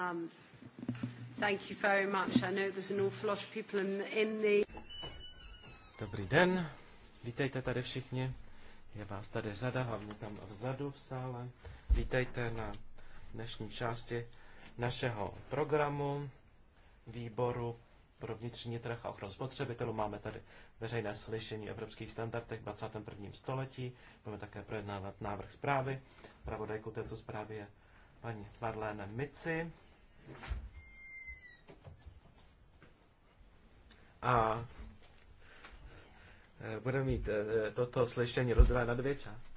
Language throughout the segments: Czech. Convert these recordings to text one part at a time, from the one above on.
Um, thank you very much. I know there's an awful lot of people in, in the... Dobrý den, vítejte tady všichni. Je vás tady řada, hlavně tam vzadu v sále. Vítejte na dnešní části našeho programu výboru pro vnitřní trh a ochranu spotřebitelů. Máme tady veřejné slyšení o evropských standardech v 21. století. Budeme také projednávat návrh zprávy. Pravodajkou této zprávy je paní Marlene Mici. A eh, budeme mít eh, toto slyšení rozdělené na dvě části.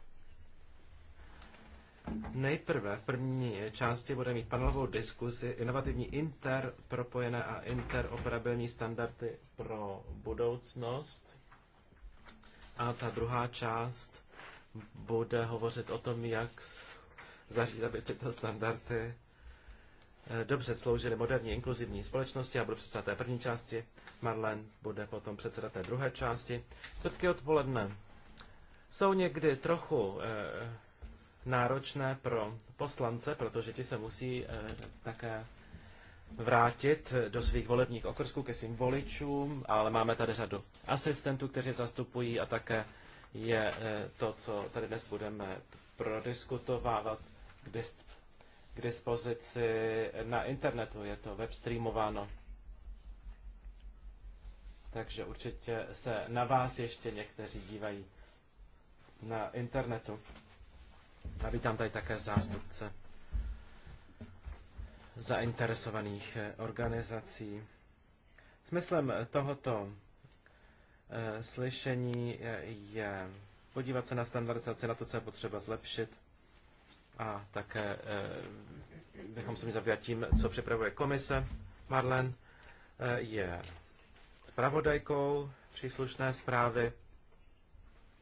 Nejprve v první části budeme mít panelovou diskusi inovativní interpropojené a interoperabilní standardy pro budoucnost. A ta druhá část bude hovořit o tom, jak zařídit, aby tyto standardy Eh, dobře sloužili moderní inkluzivní společnosti. A budu předseda té první části, Marlen bude potom předseda té druhé části. Čtvrtky odpoledne jsou někdy trochu eh, náročné pro poslance, protože ti se musí eh, také vrátit do svých volebních okrsků ke svým voličům, ale máme tady řadu asistentů, kteří zastupují a také je eh, to, co tady dnes budeme prodiskutovávat, k k dispozici na internetu, je to streamováno. Takže určitě se na vás ještě někteří dívají na internetu. A vítám tady také zástupce zainteresovaných eh, organizací. Smyslem tohoto eh, slyšení eh, je podívat se na standardizaci, na to, co je potřeba zlepšit, a také eh, bychom se měli zabývat tím, co připravuje komise. Marlen eh, je zpravodajkou příslušné zprávy,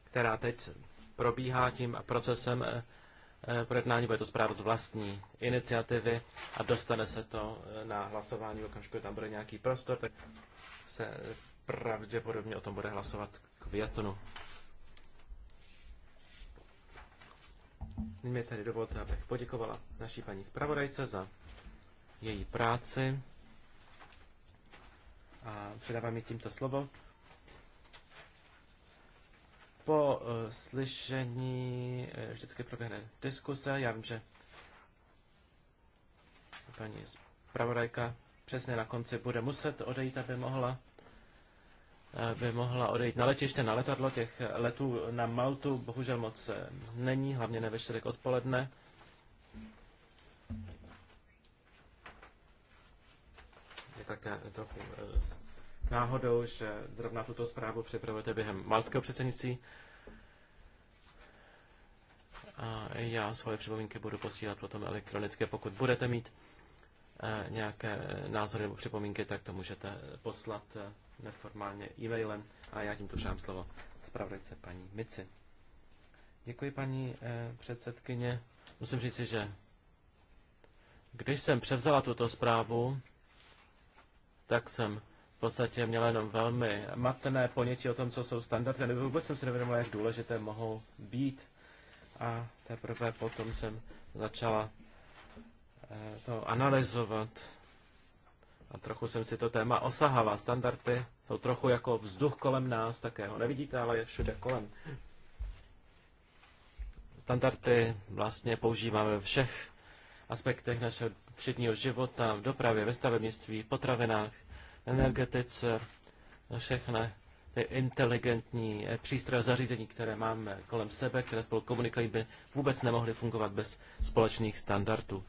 která teď probíhá tím procesem eh, projednání. Bude to zpráva z vlastní iniciativy a dostane se to na hlasování. V okamžiku tam bude nějaký prostor, tak se pravděpodobně o tom bude hlasovat k květnu. Nyní Mě tady dovolte, abych poděkovala naší paní zpravodajce za její práci a předávám jí tímto slovo. Po uh, slyšení uh, vždycky proběhne diskuse. Já vím, že paní zpravodajka přesně na konci bude muset odejít, aby mohla Eh, by mohla odejít na letiště, na letadlo. Těch letů na Maltu bohužel moc eh, není, hlavně ne ve čtvrtek odpoledne. Je také trochu eh, náhodou, že zrovna tuto zprávu připravujete během maltského předsednictví. A já svoje připomínky budu posílat potom elektronicky. Pokud budete mít nějaké názory nebo připomínky, tak to můžete poslat neformálně e-mailem a já tímto předám slovo zpravodajce paní Mici. Děkuji, paní eh, předsedkyně. Musím říci, že když jsem převzala tuto zprávu, tak jsem v podstatě měla jenom velmi matné ponětí o tom, co jsou standardy, nebo vůbec jsem si nevědomila, jak důležité mohou být. A teprve potom jsem začala eh, to analyzovat a trochu jsem si to téma osahává. Standardy jsou trochu jako vzduch kolem nás, také ho nevidíte, ale je všude kolem. Standardy vlastně používáme ve všech aspektech našeho všedního života, v dopravě, ve stavebnictví, v potravinách, energetice, všechny ty inteligentní eh, přístroje zařízení, které máme kolem sebe, které spolu komunikují, by vůbec nemohly fungovat bez společných standardů.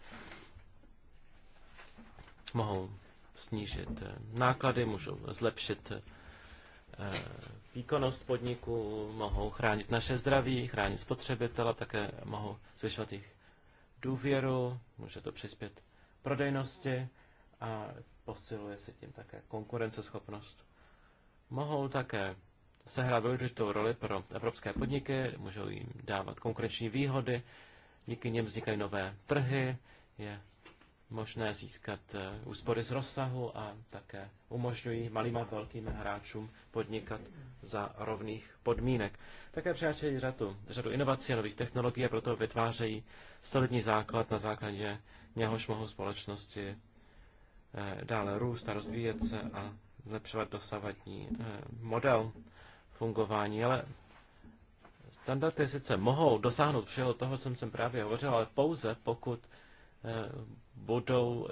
Mohou snížit eh, náklady, můžou zlepšit eh, výkonnost podniku, mohou chránit naše zdraví, chránit spotřebitele, také mohou zvyšovat jejich důvěru, může to přispět prodejnosti a posiluje se tím také konkurenceschopnost. Mohou také sehrát důležitou roli pro evropské podniky, můžou jim dávat konkurenční výhody, díky něm vznikají nové trhy, je možné získat eh, úspory z rozsahu a také umožňují malým a velkým hráčům podnikat za rovných podmínek. Také přinášejí řadu, řadu inovací a nových technologií a proto vytvářejí solidní základ, na základě něhož mohou společnosti eh, dále růst a rozvíjet se a zlepšovat dosavadní eh, model fungování, ale standardy sice mohou dosáhnout všeho toho, co jsem právě hovořil, ale pouze pokud Eh, budou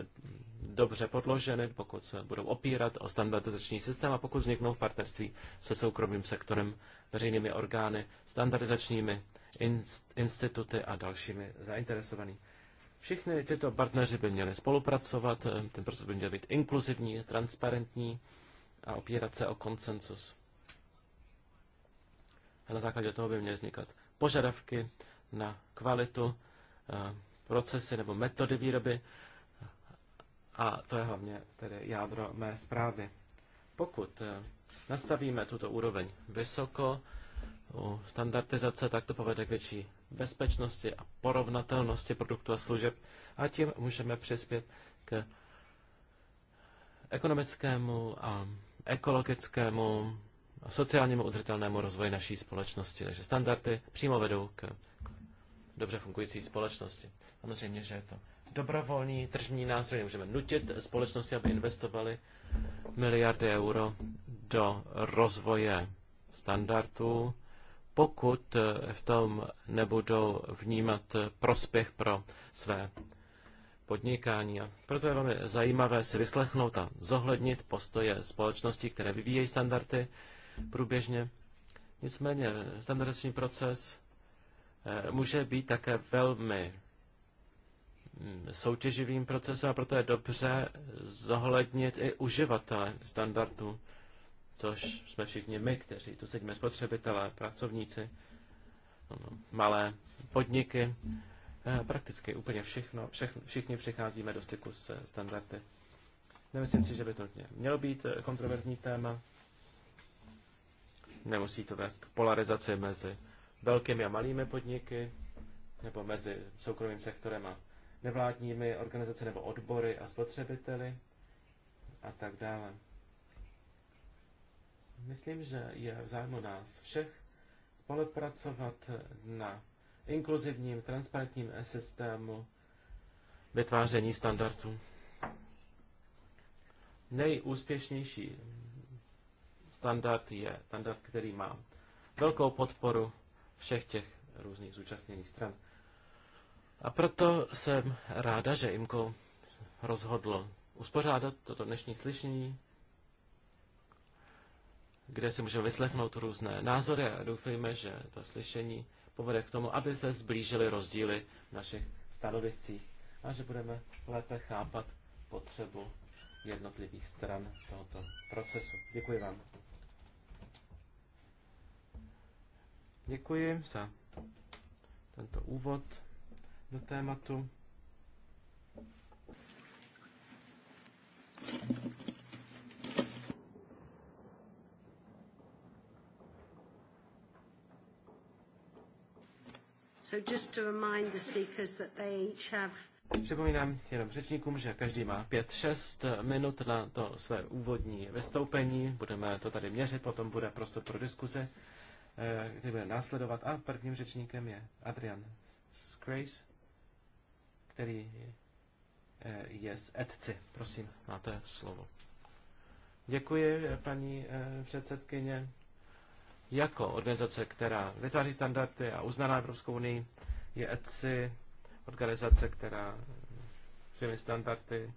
dobře podloženy, pokud se budou opírat o standardizační systém a pokud vzniknou v partnerství se soukromým sektorem, veřejnými orgány, standardizačními instituty a dalšími zainteresovanými. Všichni tyto partneři by měli spolupracovat, eh, ten proces by měl být inkluzivní, transparentní a opírat se o konsensus. A na základě toho by měly vznikat požadavky na kvalitu, eh, procesy nebo metody výroby. A to je hlavně tedy jádro mé zprávy. Pokud eh, nastavíme tuto úroveň vysoko u standardizace, tak to povede k větší bezpečnosti a porovnatelnosti produktů a služeb a tím můžeme přispět k ekonomickému a ekologickému a sociálnímu udržitelnému rozvoji naší společnosti. Takže standardy přímo vedou k dobře fungující společnosti. Samozřejmě, že je to dobrovolný tržní nástroj. Můžeme nutit společnosti, aby investovali miliardy euro do rozvoje standardů, pokud v tom nebudou vnímat prospěch pro své podnikání. A proto je velmi zajímavé si vyslechnout a zohlednit postoje společností, které vyvíjejí standardy průběžně. Nicméně standardační proces Eh, může být také velmi mm, soutěživým procesem a proto je dobře zohlednit i uživatele standardu, což jsme všichni my, kteří tu sedíme spotřebitelé, pracovníci, malé podniky, eh, prakticky úplně všechno, všechno, všichni přicházíme do styku se standardy. Nemyslím si, že by to mělo být eh, kontroverzní téma. Nemusí to vést k polarizaci mezi velkými a malými podniky, nebo mezi soukromým sektorem a nevládními organizace nebo odbory a spotřebiteli a tak dále. Myslím, že je v zájmu nás všech spolupracovat na inkluzivním, transparentním systému vytváření standardů. Nejúspěšnější standard je standard, který má velkou podporu všech těch různých zúčastněných stran. A proto jsem ráda, že Imko rozhodlo uspořádat toto dnešní slyšení, kde si můžeme vyslechnout různé názory a doufejme, že to slyšení povede k tomu, aby se zblížily rozdíly v našich stanoviscích a že budeme lépe chápat potřebu jednotlivých stran tohoto procesu. Děkuji vám. Děkuji za tento úvod do tématu. So just to remind the speakers that they each have Připomínám jenom řečníkům, že každý má 5-6 minut na to své úvodní vystoupení. Budeme to tady měřit, potom bude prostor pro diskuze. Eh, který bude následovat. A prvním řečníkem je Adrian Scrace, který eh, je z Edci. Prosím, máte slovo. Děkuji, eh, paní předsedkyně. Jako organizace, která vytváří standardy a uznaná Evropskou unii, je ETSI organizace, která svými standardy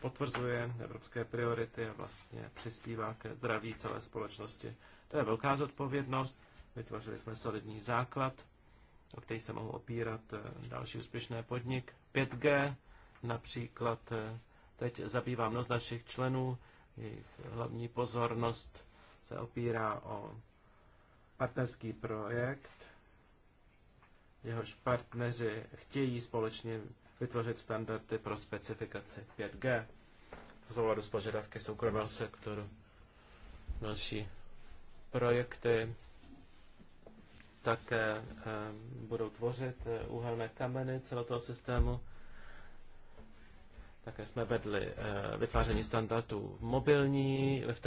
potvrzuje evropské priority a vlastně přispívá ke zdraví celé společnosti. To je velká zodpovědnost. Vytvořili jsme solidní základ, o který se mohou opírat eh, další úspěšné podnik. 5G například eh, teď zabývá mnoho našich členů. Jejich hlavní pozornost se opírá o partnerský projekt, jehož partneři chtějí společně vytvořit standardy pro specifikaci 5G v souladu s požadavky soukromého sektoru. Další projekty také eh, budou tvořit úhelné eh, kameny celého toho systému. Také jsme vedli eh, vytváření standardů v mobilní, v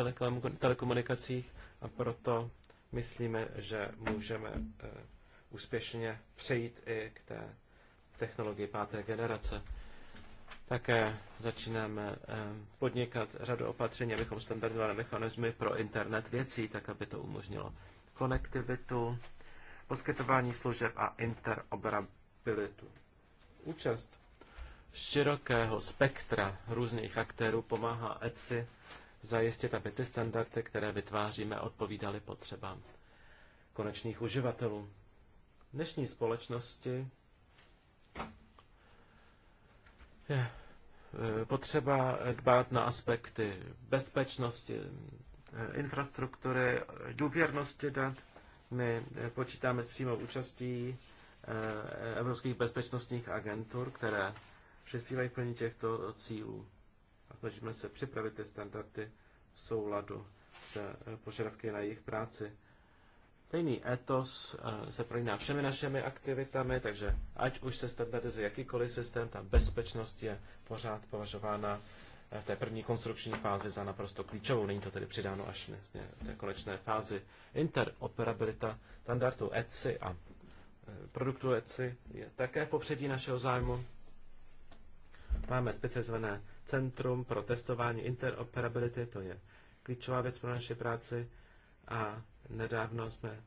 telekomunikacích a proto myslíme, že můžeme úspěšně přejít i k té technologii páté generace. Také začínáme eh, podnikat řadu opatření, abychom standardovali mechanizmy pro internet věcí, tak aby to umožnilo konektivitu, poskytování služeb a interoperabilitu. Účast širokého spektra různých aktérů pomáhá ECI zajistit, aby ty standardy, které vytváříme, odpovídaly potřebám konečných uživatelů. V dnešní společnosti je e, potřeba dbát na aspekty bezpečnosti, e, infrastruktury, důvěrnosti dat. My e, počítáme s přímou účastí evropských bezpečnostních agentur, které přispívají k plní těchto cílů. A snažíme se připravit ty standardy v souladu s požadavky na jejich práci. Stejný etos eh, se prolíná všemi našimi aktivitami, takže ať už se standardizuje jakýkoliv systém, ta bezpečnost je pořád považována eh, v té první konstrukční fázi za naprosto klíčovou. Není to tedy přidáno až v té konečné fázi. Interoperabilita standardů ETSI a eh, produktů ETSI je také v popředí našeho zájmu. Máme specializované centrum pro testování interoperability, to je klíčová věc pro naši práci a nedávno jsme eh,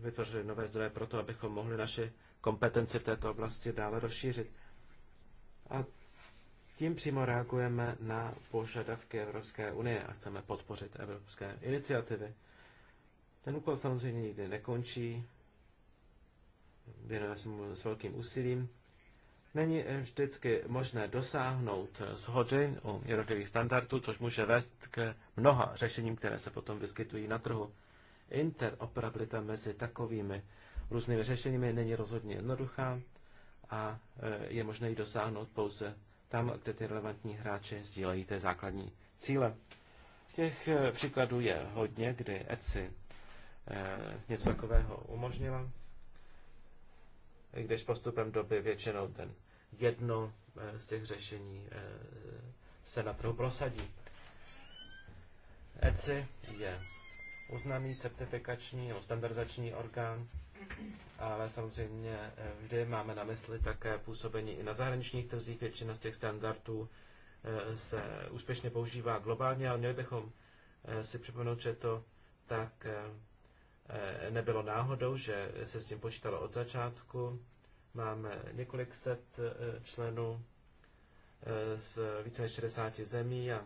vytvořili nové zdroje pro to, abychom mohli naše kompetence v této oblasti dále rozšířit. A tím přímo reagujeme na požadavky Evropské unie a chceme podpořit evropské iniciativy. Ten úkol samozřejmě nikdy nekončí, věnujeme se mu s velkým úsilím Není eh, vždycky možné dosáhnout eh, shody u jednotlivých standardů, což může vést k mnoha řešením, které se potom vyskytují na trhu. Interoperabilita mezi takovými různými řešeními není rozhodně jednoduchá a eh, je možné ji dosáhnout pouze tam, kde ty relevantní hráči sdílejí ty základní cíle. Těch příkladů je hodně, kdy ECI něco takového umožnila když postupem doby většinou ten jedno eh, z těch řešení eh, se na trhu prosadí. ECI je uznaný certifikační nebo standardizační orgán, ale samozřejmě eh, vždy máme na mysli také působení i na zahraničních trzích. Většina z těch standardů se úspěšně používá globálně, ale měli bychom si připomenout, že to tak Eh, nebylo náhodou, že se s tím počítalo od začátku. Máme několik set eh, členů eh, z více než 60 zemí a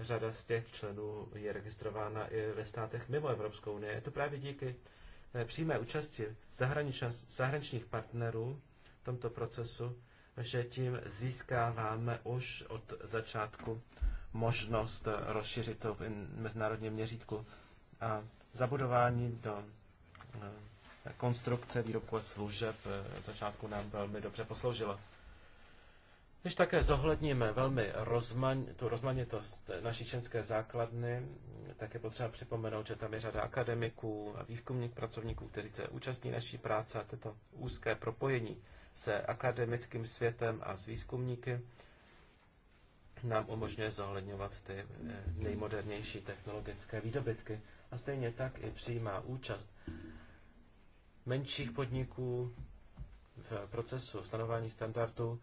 řada z těch členů je registrována i ve státech mimo Evropskou unii. Je to právě díky přímé účasti zahraničních partnerů v tomto procesu, že tím získáváme už od začátku možnost rozšířit to v mezinárodním měřítku. A zabudování do eh, konstrukce výrobku a služeb eh, začátku nám velmi dobře posloužilo. Když také zohledníme velmi rozman, tu rozmanitost naší členské základny, tak je potřeba připomenout, že tam je řada akademiků a výzkumných pracovníků, kteří se účastní naší práce a tyto úzké propojení se akademickým světem a s výzkumníky nám umožňuje zohledňovat ty eh, nejmodernější technologické výdobytky a stejně tak i přijímá účast menších podniků v procesu stanování standardů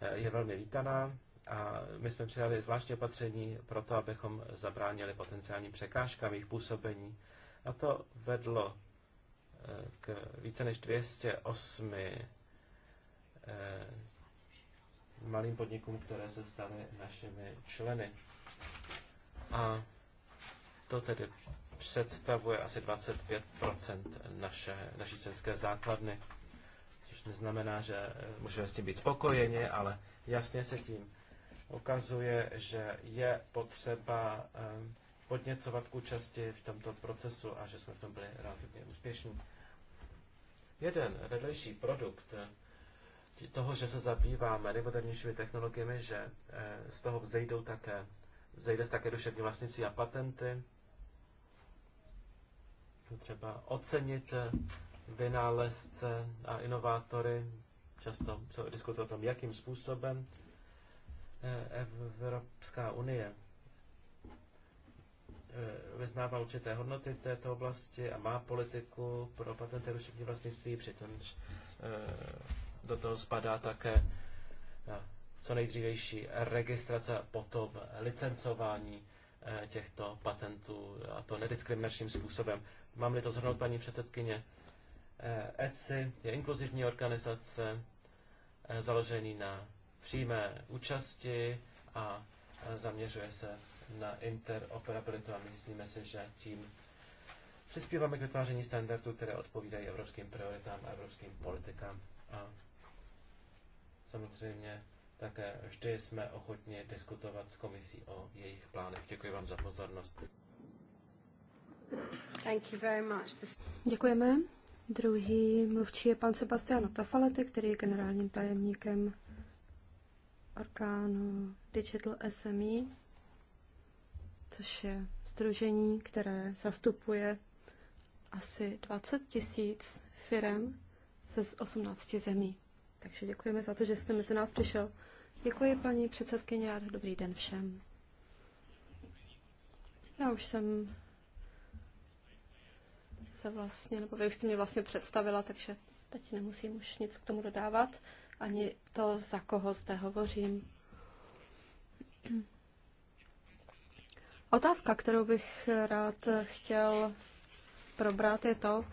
eh, je velmi vítaná a my jsme přijali zvláštní opatření pro to, abychom zabránili potenciálním překážkám jejich působení. A to vedlo eh, k více než 208 eh, malým podnikům, které se staly našimi členy. A to tedy představuje asi 25 naše, naší členské základny, což neznamená, že eh, můžeme s tím být spokojeni, ale jasně se tím ukazuje, že je potřeba eh, podněcovat k účasti v tomto procesu a že jsme v tom byli relativně úspěšní. Jeden vedlejší produkt eh, toho, že se zabýváme nejmodernějšími technologiemi, že z toho vzejdou také, vzejde také duševní vlastnictví a patenty, třeba ocenit eh, vynálezce a inovátory. Často se diskutuje o tom, jakým způsobem eh, Evropská unie eh, vyznává určité hodnoty v této oblasti a má politiku pro patenty rušení vlastnictví, přičemž do toho spadá také co nejdřívější registrace a potom licencování Eh, těchto patentů a to nediskriminačním způsobem. Mám-li to zhrnout, paní předsedkyně, eh, ECI je inkluzivní organizace eh, založený na přímé účasti a zaměřuje se na interoperabilitu a myslíme si, že tím přispíváme k vytváření standardů, které odpovídají evropským prioritám a evropským politikám. A samozřejmě také eh, vždy jsme ochotni diskutovat s komisí o jejich plánech. Děkuji vám za pozornost. Thank you very much. Děkujeme. Druhý mluvčí je pan Sebastiano Tafalete, který je generálním tajemníkem orgánu Digital SME, což je združení, které zastupuje asi 20 tisíc firm ze 18 zemí. Takže děkujeme za to, že jste mezi nás přišel. Děkuji, paní předsedkyně, a dobrý den všem. Já už jsem se vlastně, nebo vy už jste mě vlastně představila, takže teď nemusím už nic k tomu dodávat, ani to, za koho zde hovořím. Otázka, kterou bych rád chtěl probrat, je to,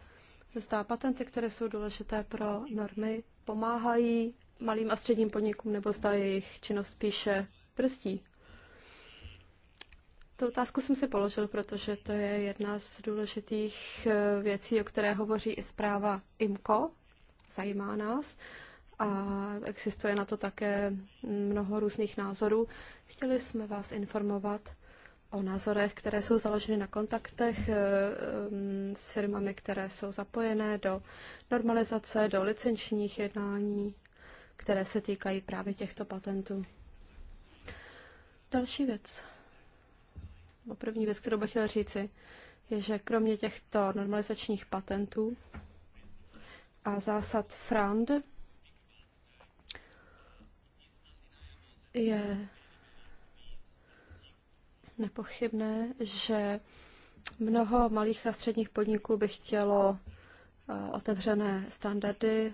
zda patenty, které jsou důležité pro normy, pomáhají malým a středním podnikům, nebo zda jejich činnost spíše prstí. Tu otázku jsem si položil, protože to je jedna z důležitých eh, věcí, o které hovoří i zpráva IMCO. Zajímá nás a existuje na to také mnoho různých názorů. Chtěli jsme vás informovat o názorech, které jsou založeny na kontaktech eh, s firmami, které jsou zapojené do normalizace, do licenčních jednání, které se týkají právě těchto patentů. Další věc, nebo první věc, kterou bych chtěla říci, je, že kromě těchto normalizačních patentů a zásad FRAND je nepochybné, že mnoho malých a středních podniků by chtělo eh, otevřené standardy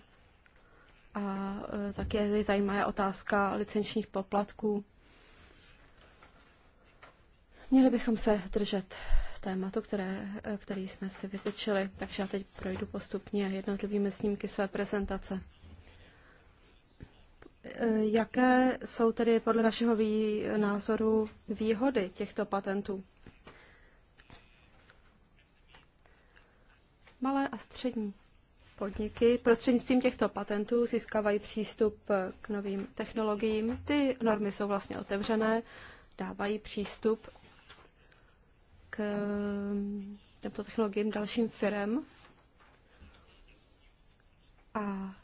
a eh, také zajímavá otázka licenčních poplatků. Měli bychom se držet tématu, které, eh, který jsme si vytyčili, takže já teď projdu postupně jednotlivými snímky své prezentace. Eh, jaké jsou tedy podle našeho vý, názoru výhody těchto patentů? Malé a střední podniky prostřednictvím těchto patentů získávají přístup eh, k novým technologiím. Ty normy jsou vlastně otevřené, dávají přístup k eh, těmto technologiím dalším firem. A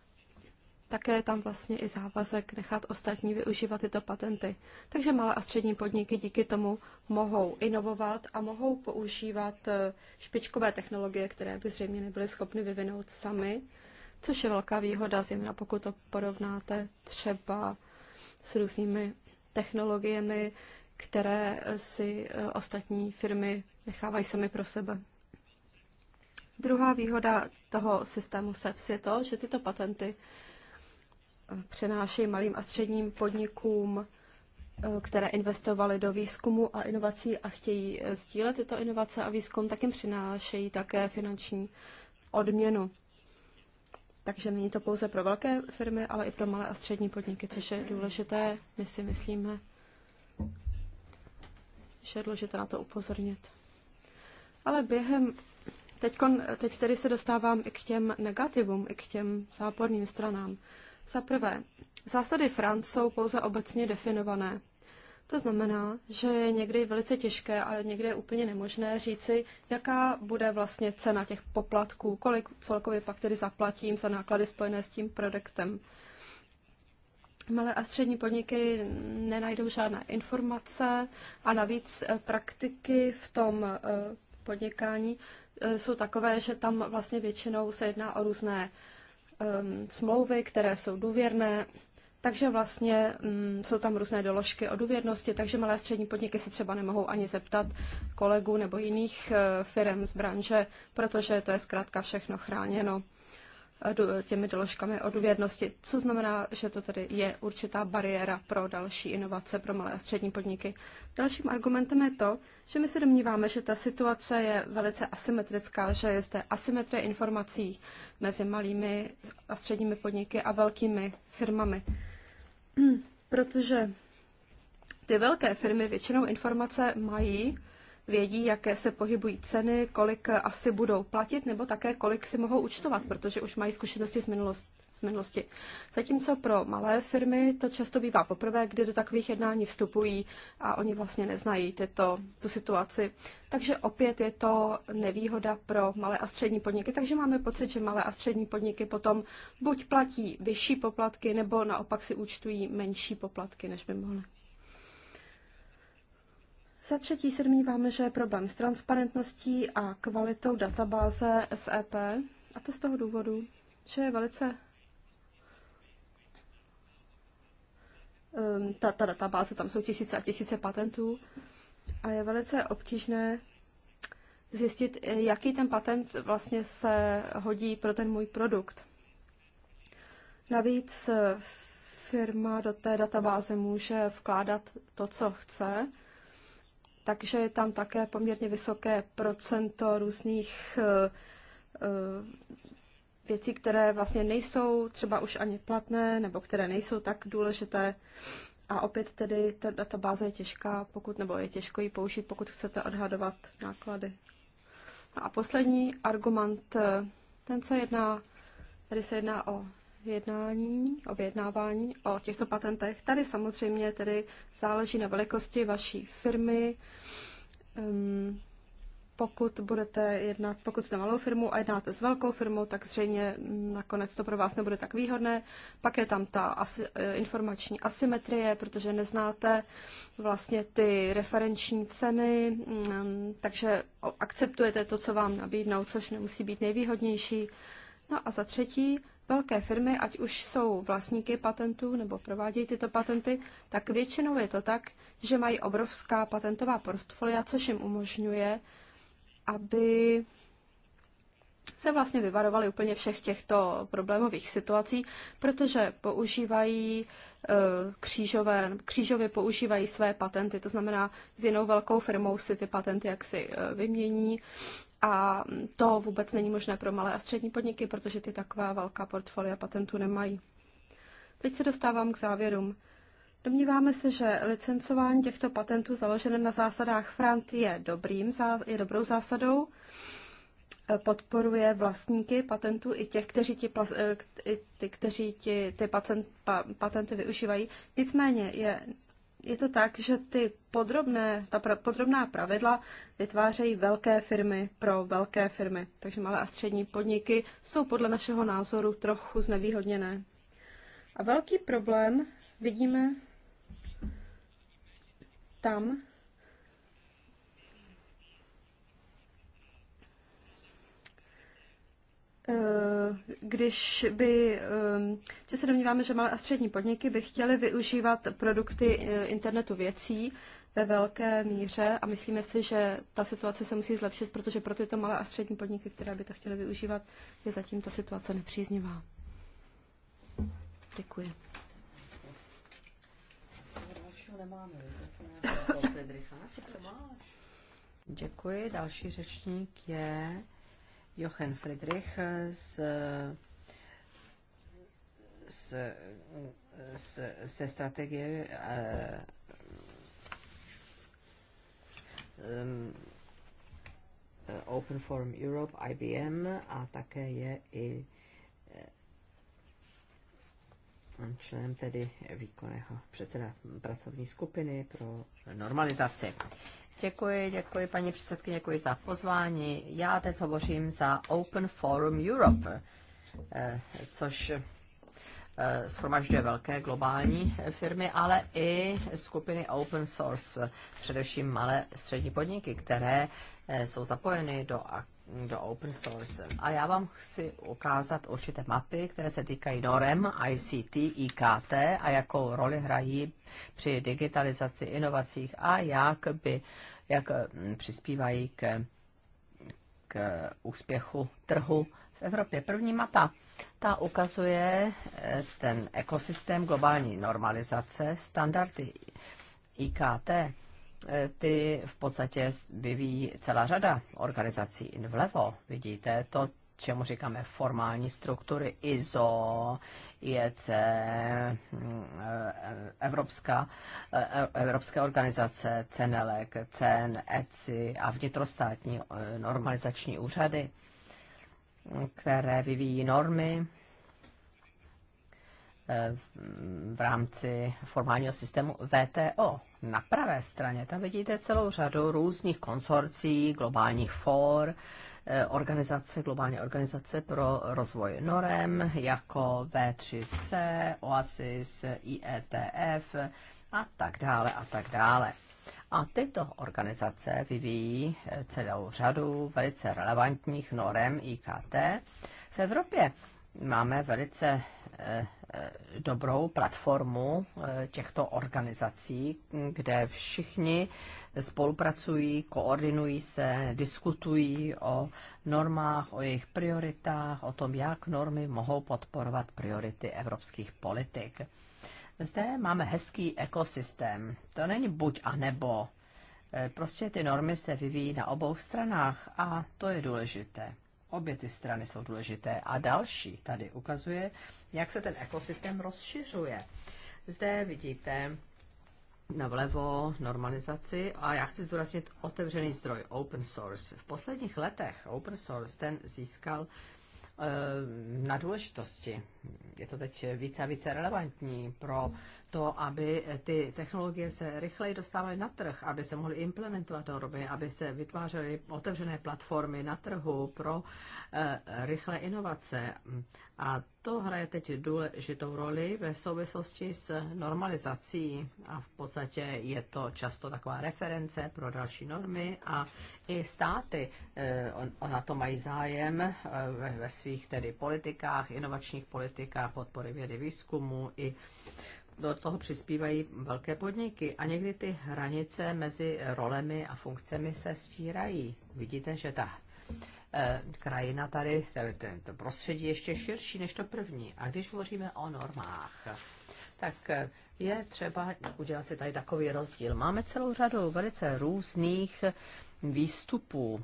také tam vlastně i závazek nechat ostatní využívat tyto patenty. Takže malé a střední podniky díky tomu mohou inovovat a mohou používat eh, špičkové technologie, které by zřejmě nebyly schopny vyvinout sami, což je velká výhoda, zejména pokud to porovnáte třeba s různými technologiemi, které eh, si eh, ostatní firmy nechávají sami pro sebe. Druhá výhoda toho systému SEPS je to, že tyto patenty přenášejí malým a středním podnikům, eh, které investovaly do výzkumu a inovací a chtějí sdílet tyto inovace a výzkum, tak jim přinášejí také finanční odměnu. Takže není to pouze pro velké firmy, ale i pro malé a střední podniky, což je důležité. My si myslíme, že je důležité na to upozornit. Ale během Teď, teď tedy se dostávám i k těm negativům, i k těm záporným stranám. Za prvé, zásady Franc jsou pouze obecně definované. To znamená, že je někdy velice těžké a někdy je úplně nemožné říci, jaká bude vlastně cena těch poplatků, kolik celkově pak tedy zaplatím za náklady spojené s tím produktem. Malé a střední podniky nenajdou žádné informace a navíc eh, praktiky v tom eh, podnikání eh, jsou takové, že tam vlastně většinou se jedná o různé Um, smlouvy, které jsou důvěrné, takže vlastně um, jsou tam různé doložky o důvěrnosti, takže malé střední podniky se třeba nemohou ani zeptat kolegů nebo jiných uh, eh, firm z branže, protože to je zkrátka všechno chráněno těmi doložkami o důvěrnosti, co znamená, že to tedy je určitá bariéra pro další inovace pro malé a střední podniky. Dalším argumentem je to, že my se domníváme, že ta situace je velice asymetrická, že je zde asymetrie informací mezi malými a středními podniky a velkými firmami. Protože ty velké firmy většinou informace mají, vědí, jaké se pohybují ceny, kolik asi budou platit, nebo také kolik si mohou účtovat, protože už mají zkušenosti z minulosti minulosti. Zatímco pro malé firmy to často bývá poprvé, kdy do takových jednání vstupují a oni vlastně neznají tyto, tu situaci. Takže opět je to nevýhoda pro malé a střední podniky. Takže máme pocit, že malé a střední podniky potom buď platí vyšší poplatky, nebo naopak si účtují menší poplatky, než by mohly. Za třetí se domníváme, že je problém s transparentností a kvalitou databáze SEP, a to z toho důvodu, že je velice ehm, ta, ta databáze, tam jsou tisíce a tisíce patentů a je velice obtížné zjistit, eh, jaký ten patent vlastně se hodí pro ten můj produkt. Navíc eh, firma do té databáze může vkládat to, co chce, takže je tam také poměrně vysoké procento různých eh, eh, věcí, které vlastně nejsou třeba už ani platné, nebo které nejsou tak důležité. A opět tedy ta databáze je těžká, pokud, nebo je těžko ji použít, pokud chcete odhadovat náklady. A poslední argument, eh, ten se jedná, tady se jedná o jednání, objednávání o těchto patentech. Tady samozřejmě tedy záleží na velikosti vaší firmy. Um, pokud budete jednat, pokud jste malou firmu a jednáte s velkou firmou, tak zřejmě hm, nakonec to pro vás nebude tak výhodné. Pak je tam ta asi, e, informační asymetrie, protože neznáte vlastně ty referenční ceny, hm, takže akceptujete to, co vám nabídnou, což nemusí být nejvýhodnější. No a za třetí, Velké firmy, ať už jsou vlastníky patentů nebo provádějí tyto patenty, tak většinou je to tak, že mají obrovská patentová portfolia, což jim umožňuje, aby se vlastně vyvarovali úplně všech těchto problémových situací, protože používají eh, křížové, křížově používají své patenty, to znamená, s jinou velkou firmou si ty patenty jaksi eh, vymění a to vůbec není možné pro malé a střední podniky, protože ty taková velká portfolia patentů nemají. Teď se dostávám k závěrům. Domníváme se, že licencování těchto patentů založené na zásadách FRANT je, dobrým, je dobrou zásadou. Podporuje vlastníky patentů i těch, kteří, ti, eh, i ty, kteří ti, ty patent, pa, patenty využívají. Nicméně je je to tak, že ty podrobné, ta pra, podrobná pravidla vytvářejí velké firmy pro velké firmy, takže malé a střední podniky jsou podle našeho názoru trochu znevýhodněné. A velký problém vidíme tam, Eh, když by, eh, že se domníváme, že malé a střední podniky by chtěly využívat produkty eh, internetu věcí ve velké míře a myslíme si, že ta situace se musí zlepšit, protože pro tyto malé a střední podniky, které by to chtěly využívat, je zatím ta situace nepříznivá. Děkuji. Děkuji. Další řečník je Jochen Friedrich z, z, z, se strategie um, Open Forum Europe, IBM a také je i eh, členem tedy výkonného předseda pracovní skupiny pro normalizaci. Děkuji, děkuji paní předsedkyně, děkuji za pozvání. Já dnes hovořím za Open Forum Europe, eh, což eh, schromažďuje velké globální firmy, ale i skupiny open source, především malé střední podniky, které eh, jsou zapojeny do do open source. A já vám chci ukázat určité mapy, které se týkají norem, ICT, IKT a jakou roli hrají při digitalizaci, inovacích a jak, by, jak hm, přispívají k, k úspěchu trhu v Evropě. První mapa, ta ukazuje eh, ten ekosystém globální normalizace, standardy IKT Eh, ty v podstatě vyvíjí celá řada organizací. In vlevo vidíte to, čemu říkáme formální struktury ISO, IEC, mm, eh, Evropská, eh, Evropské organizace, CENELEC, CEN, ECI a vnitrostátní normalizační úřady, které vyvíjí normy Eh, v rámci formálního systému VTO. Na pravé straně tam vidíte celou řadu různých konsorcí, globálních for, eh, organizace, globální organizace pro rozvoj norem, jako V3C, OASIS, IETF a tak dále a tak dále. A tyto organizace vyvíjí eh, celou řadu velice relevantních norem IKT. V Evropě máme velice dobrou platformu eh, těchto organizací, kde všichni spolupracují, koordinují se, diskutují o normách, o jejich prioritách, o tom, jak normy mohou podporovat priority evropských politik. Zde máme hezký ekosystém. To není buď a nebo. Eh, prostě ty normy se vyvíjí na obou stranách a to je důležité. Obě ty strany jsou důležité. A další tady ukazuje, jak se ten ekosystém rozšiřuje. Zde vidíte na vlevo normalizaci a já chci zdůraznit otevřený zdroj open source. V posledních letech open source ten získal eh, na důležitosti. Je to teď více a více relevantní pro to, aby ty technologie se rychleji dostávaly na trh, aby se mohly implementovat do doby, aby se vytvářely otevřené platformy na trhu pro eh, rychlé inovace. A to hraje teď důležitou roli ve souvislosti s normalizací a v podstatě je to často taková reference pro další normy a i státy eh, na to mají zájem eh, ve, ve svých tedy politikách, inovačních politikách, podpory vědy výzkumu i do toho přispívají velké podniky a někdy ty hranice mezi rolemi a funkcemi se stírají. Vidíte, že ta eh, krajina tady, to prostředí ještě širší než to první. A když hovoříme o normách, tak eh, je třeba udělat si tady takový rozdíl. Máme celou řadu velice různých výstupů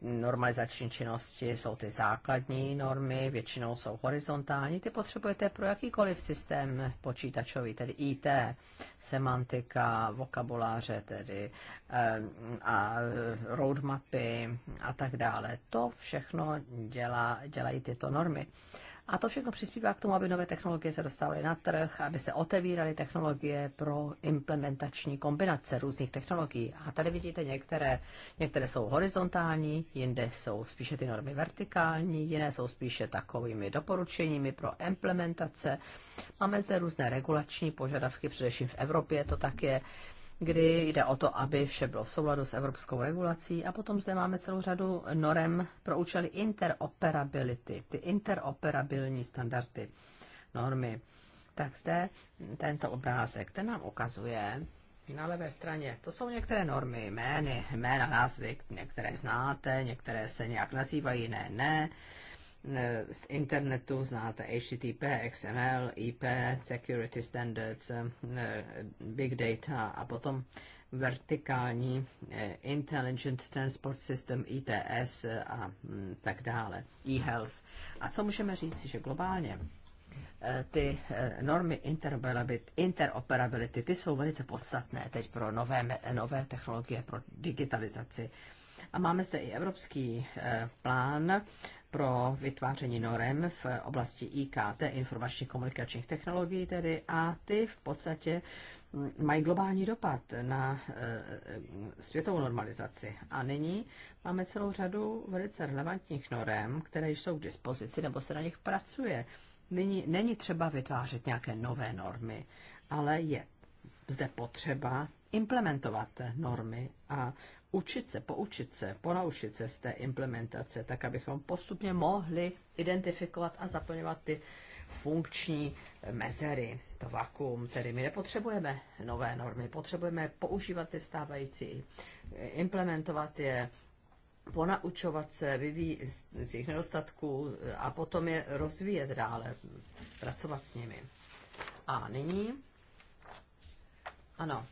normalizační činnosti jsou ty základní normy, většinou jsou horizontální, ty potřebujete pro jakýkoliv systém počítačový, tedy IT, semantika, vokabuláře tedy a roadmapy a tak dále. To všechno dělá, dělají tyto normy. A to všechno přispívá k tomu, aby nové technologie se dostávaly na trh, aby se otevíraly technologie pro implementační kombinace různých technologií. A tady vidíte některé, některé jsou horizontální, jinde jsou spíše ty normy vertikální, jiné jsou spíše takovými doporučeními pro implementace. Máme zde různé regulační požadavky, především v Evropě to tak je kdy jde o to, aby vše bylo v souladu s evropskou regulací. A potom zde máme celou řadu norem pro účely interoperability, ty interoperabilní standardy, normy. Tak zde tento obrázek, ten nám ukazuje na levé straně, to jsou některé normy, jmény, jména, názvy, některé znáte, některé se nějak nazývají, ne, ne z internetu znáte HTTP, XML, IP, security standards, eh, big data a potom vertikální eh, Intelligent Transport System, ITS eh, a hm, tak dále, e-health. A co můžeme říct, že globálně ty normy interoperability, ty jsou velice podstatné teď pro nové, nové technologie, pro digitalizaci. A máme zde i evropský plán pro vytváření norem v oblasti IKT, informačních komunikačních technologií tedy, a ty v podstatě mm, mají globální dopad na eh, světovou normalizaci. A nyní máme celou řadu velice relevantních norem, které jsou k dispozici nebo se na nich pracuje. Nyní není třeba vytvářet nějaké nové normy, ale je zde potřeba implementovat normy a učit se, poučit se, ponaučit se z té implementace, tak abychom postupně mohli identifikovat a zaplňovat ty funkční mezery, to vakuum, tedy my nepotřebujeme nové normy, potřebujeme používat ty stávající, implementovat je, ponaučovat se, vyvíjet z jejich nedostatků a potom je rozvíjet dále, pracovat s nimi. A nyní, ano,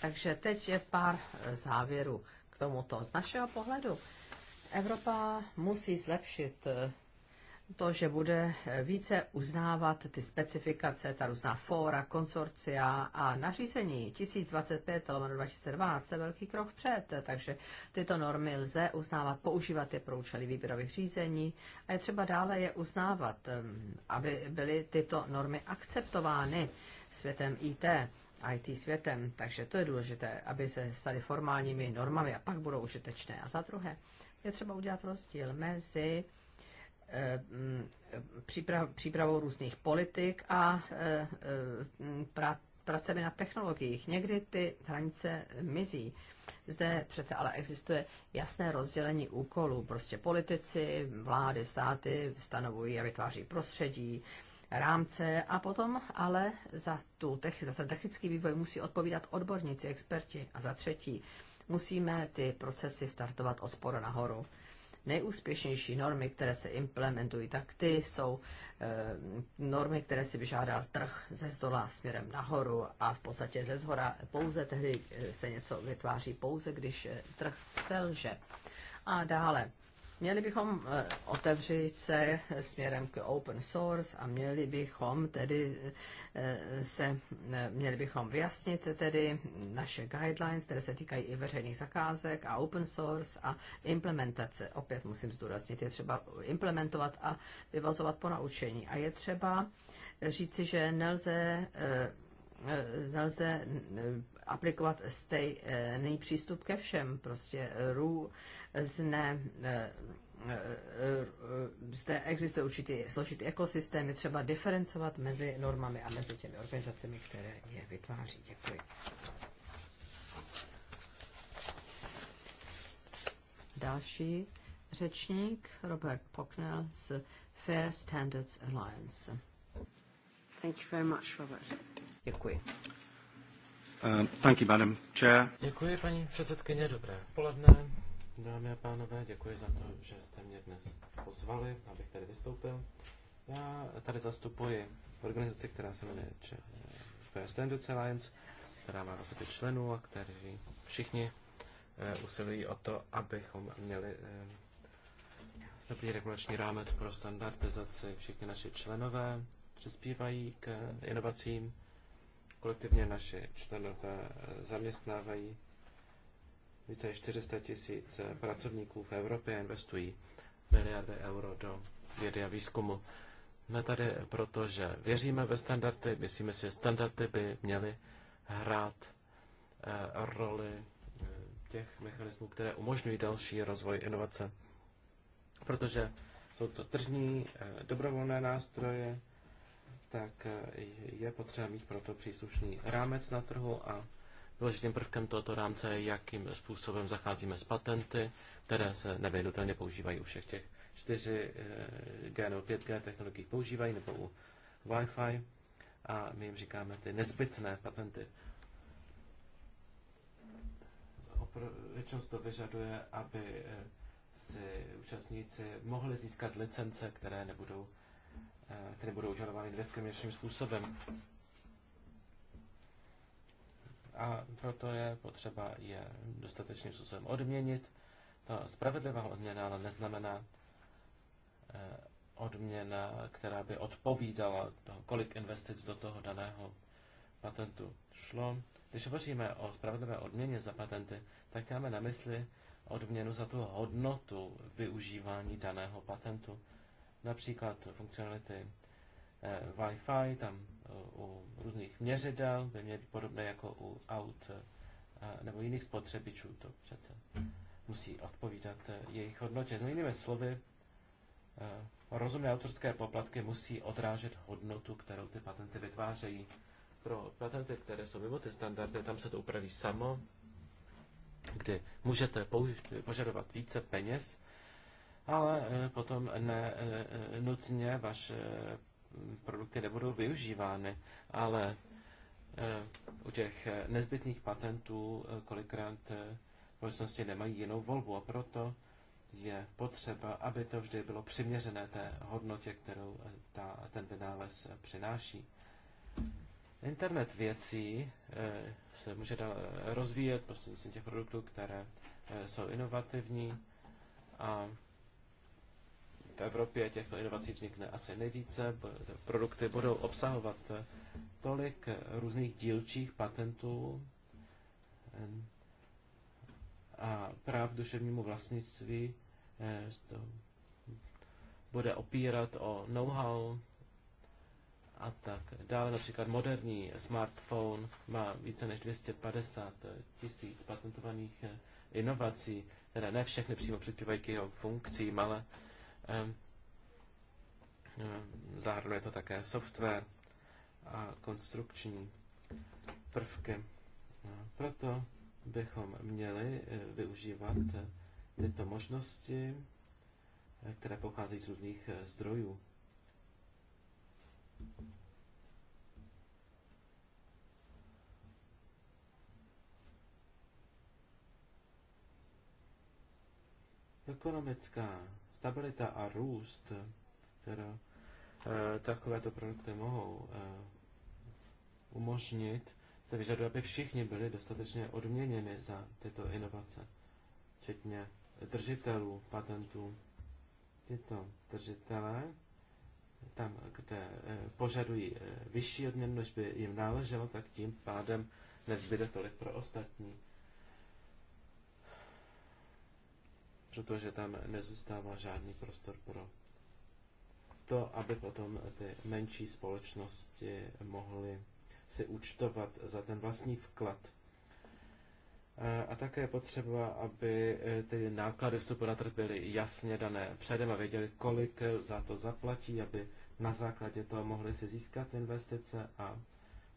takže teď je pár závěrů tomuto. Z našeho pohledu Evropa musí zlepšit eh, to, že bude eh, více uznávat ty specifikace, ta různá fóra, konsorcia a nařízení 1025 2012 je velký krok vpřed, eh, takže tyto normy lze uznávat, používat je pro účely výběrových řízení a je třeba dále je uznávat, aby byly tyto normy akceptovány světem IT. IT světem, takže to je důležité, aby se staly formálními normami a pak budou užitečné. A za druhé, je třeba udělat rozdíl mezi eh, mm, přípravou různých politik a eh, eh, pracemi na technologiích. Někdy ty hranice mizí. Zde přece ale existuje jasné rozdělení úkolů. Prostě politici, vlády, státy stanovují a vytváří prostředí, rámce a potom ale za, tu, za ten technický vývoj musí odpovídat odborníci, experti a za třetí musíme ty procesy startovat od sporu nahoru. Nejúspěšnější normy, které se implementují, tak ty jsou e, normy, které si vyžádal trh ze zdola směrem nahoru a v podstatě ze zhora pouze tehdy eh, se něco vytváří, pouze když eh, trh selže. A dále Měli bychom eh, otevřít se směrem k open source a měli bychom tedy eh, se, eh, měli bychom vyjasnit tedy naše guidelines, které se týkají i veřejných zakázek a open source a implementace. Opět musím zdůraznit, je třeba implementovat a vyvazovat po naučení. A je třeba říci, že nelze nelze aplikovat stejný přístup ke všem. Prostě rů, zne, eh, eh, eh, zde existuje určitý složitý ekosystém, je třeba diferencovat mezi normami a mezi těmi organizacemi, které je vytváří. Děkuji. Další řečník Robert Pocknell z Fair Standards Alliance. Thank you very much, Robert. Děkuji. Uh, thank you, Madam Chair. Děkuji, paní předsedkyně. Dobré poledne. Dámy a pánové, děkuji za to, že jste mě dnes pozvali, abych tady vystoupil. Já tady zastupuji organizaci, která se jmenuje First Standards Alliance, která má asi pět členů a kteří všichni eh, usilují o to, abychom měli dobrý eh, regulační rámec pro standardizaci. Všichni naši členové přispívají k eh, inovacím, kolektivně naši členové zaměstnávají více než 400 tisíc eh, pracovníků v Evropě investují miliardy euro do vědy a výzkumu. Jsme tady proto, že věříme ve standardy, myslíme si, že standardy by měly hrát eh, roli eh, těch mechanismů, které umožňují další rozvoj inovace. Protože jsou to tržní dobrovolné nástroje, tak je potřeba mít proto příslušný rámec na trhu a Důležitým prvkem tohoto rámce je, jakým způsobem zacházíme s patenty, které se nevyhnutelně používají u všech těch 4G nebo 5G technologií používají, nebo u Wi-Fi. A my jim říkáme ty nezbytné patenty. Většinou to vyžaduje, aby eh, si účastníci mohli získat licence, které nebudou eh, které budou udělovány diskriminačním způsobem a proto je potřeba je dostatečným způsobem odměnit. Ta spravedlivá odměna ale neznamená eh, odměna, která by odpovídala toho, kolik investic do toho daného patentu šlo. Když hovoříme o spravedlivé odměně za patenty, tak máme na mysli odměnu za tu hodnotu využívání daného patentu. Například funkcionality Eh, Wi-Fi, tam eh, u různých měřidel, by měly být podobné jako u aut eh, nebo jiných spotřebičů, to přece musí odpovídat jejich hodnotě. No jinými slovy, rozumné autorské poplatky musí odrážet hodnotu, kterou ty patenty vytvářejí. Pro patenty, které jsou mimo ty standardy, tam se to upraví samo, kdy můžete požadovat více peněz, ale potom ne nutně vaše produkty nebudou využívány, ale eh, u těch eh, nezbytných patentů eh, kolikrát společnosti nemají jinou volbu a proto je potřeba, aby to vždy bylo přiměřené té hodnotě, kterou ta, ten vynález přináší. Internet věcí se může rozvíjet prostřednictvím těch produktů, které jsou inovativní a v Evropě těchto inovací vznikne asi nejvíce. Produkty budou obsahovat tolik různých dílčích patentů eh, a práv duševnímu vlastnictví eh, to bude opírat o know-how a tak dále. Například moderní smartphone má více než 250 tisíc patentovaných eh, inovací, které ne všechny přímo přispívají k jeho funkcím, ale Ehm, ehm, zahrnuje to také software a konstrukční prvky. Proto bychom měli eh, využívat eh, tyto možnosti, eh, které pocházejí z různých zdrojů. Ekonomická stabilita a růst, která eh, takovéto produkty mohou eh, umožnit, se vyžaduje, aby všichni byli dostatečně odměněni za tyto inovace, včetně držitelů patentů. Tyto držitelé tam, kde eh, požadují vyšší odměnu, než by jim náleželo, tak tím pádem nezbyde tolik pro ostatní. protože tam nezůstává žádný prostor pro to, aby potom ty menší společnosti mohly si účtovat za ten vlastní vklad. A také je potřeba, aby e, ty náklady vstupu na trh byly jasně dané předem a věděli, kolik za to zaplatí, aby na základě toho mohli si získat investice a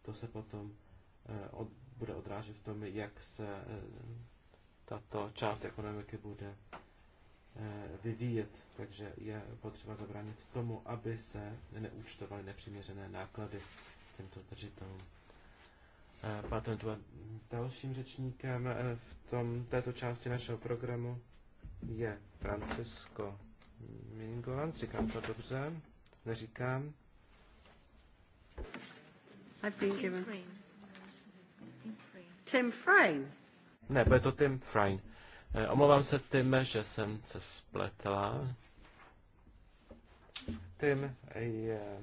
to se potom e, od, bude odrážet v tom, jak se e, tato část ekonomiky bude Eh, vyvíjet, takže je potřeba zabránit tomu, aby se neúčtovaly nepřiměřené náklady těmto držitelům. Eh, Patent byl dalším řečníkem eh, v tom, této části našeho programu je Francisco Mingolan, říkám to dobře, neříkám. Tim Frame. Ne, bude to Tim Frame. Eh, omlouvám se, Tim, že jsem se spletla. Tim je eh,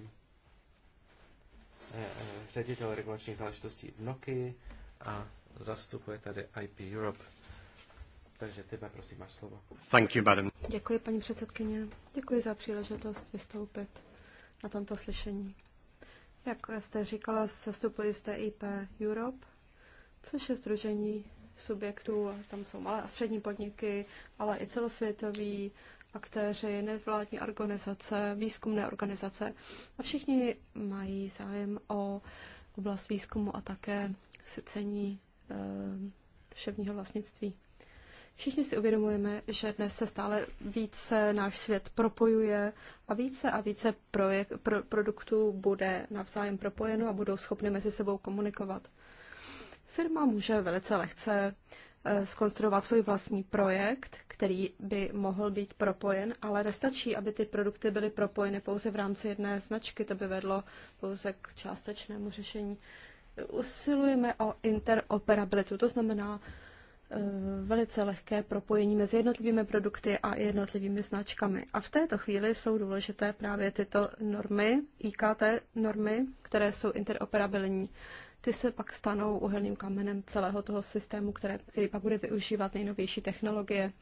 eh, ředitel regulačních záležitostí v Noky a zastupuje tady IP Europe. Takže ty prosím, máš slovo. Thank you, madam. Děkuji, paní předsedkyně. Děkuji za příležitost vystoupit na tomto slyšení. Jak jste říkala, zastupuji jste IP Europe, což je združení subjektů, tam jsou malé a střední podniky, ale i celosvětoví aktéři, nevládní organizace, výzkumné organizace. A všichni mají zájem o oblast výzkumu a také sycení eh, duševního e, vlastnictví. Všichni si uvědomujeme, že dnes se stále více náš svět propojuje a více a více projekt, pro, produktů bude navzájem propojeno a budou schopny mezi sebou komunikovat. Firma může velice lehce eh, skonstruovat svůj vlastní projekt, který by mohl být propojen, ale nestačí, aby ty produkty byly propojeny pouze v rámci jedné značky, to by vedlo pouze k částečnému řešení. Usilujeme o interoperabilitu, to znamená eh, velice lehké propojení mezi jednotlivými produkty a jednotlivými značkami. A v této chvíli jsou důležité právě tyto normy, IKT normy, které jsou interoperabilní ty se pak stanou uhelným kamenem celého toho systému, které, který pak bude využívat nejnovější technologie.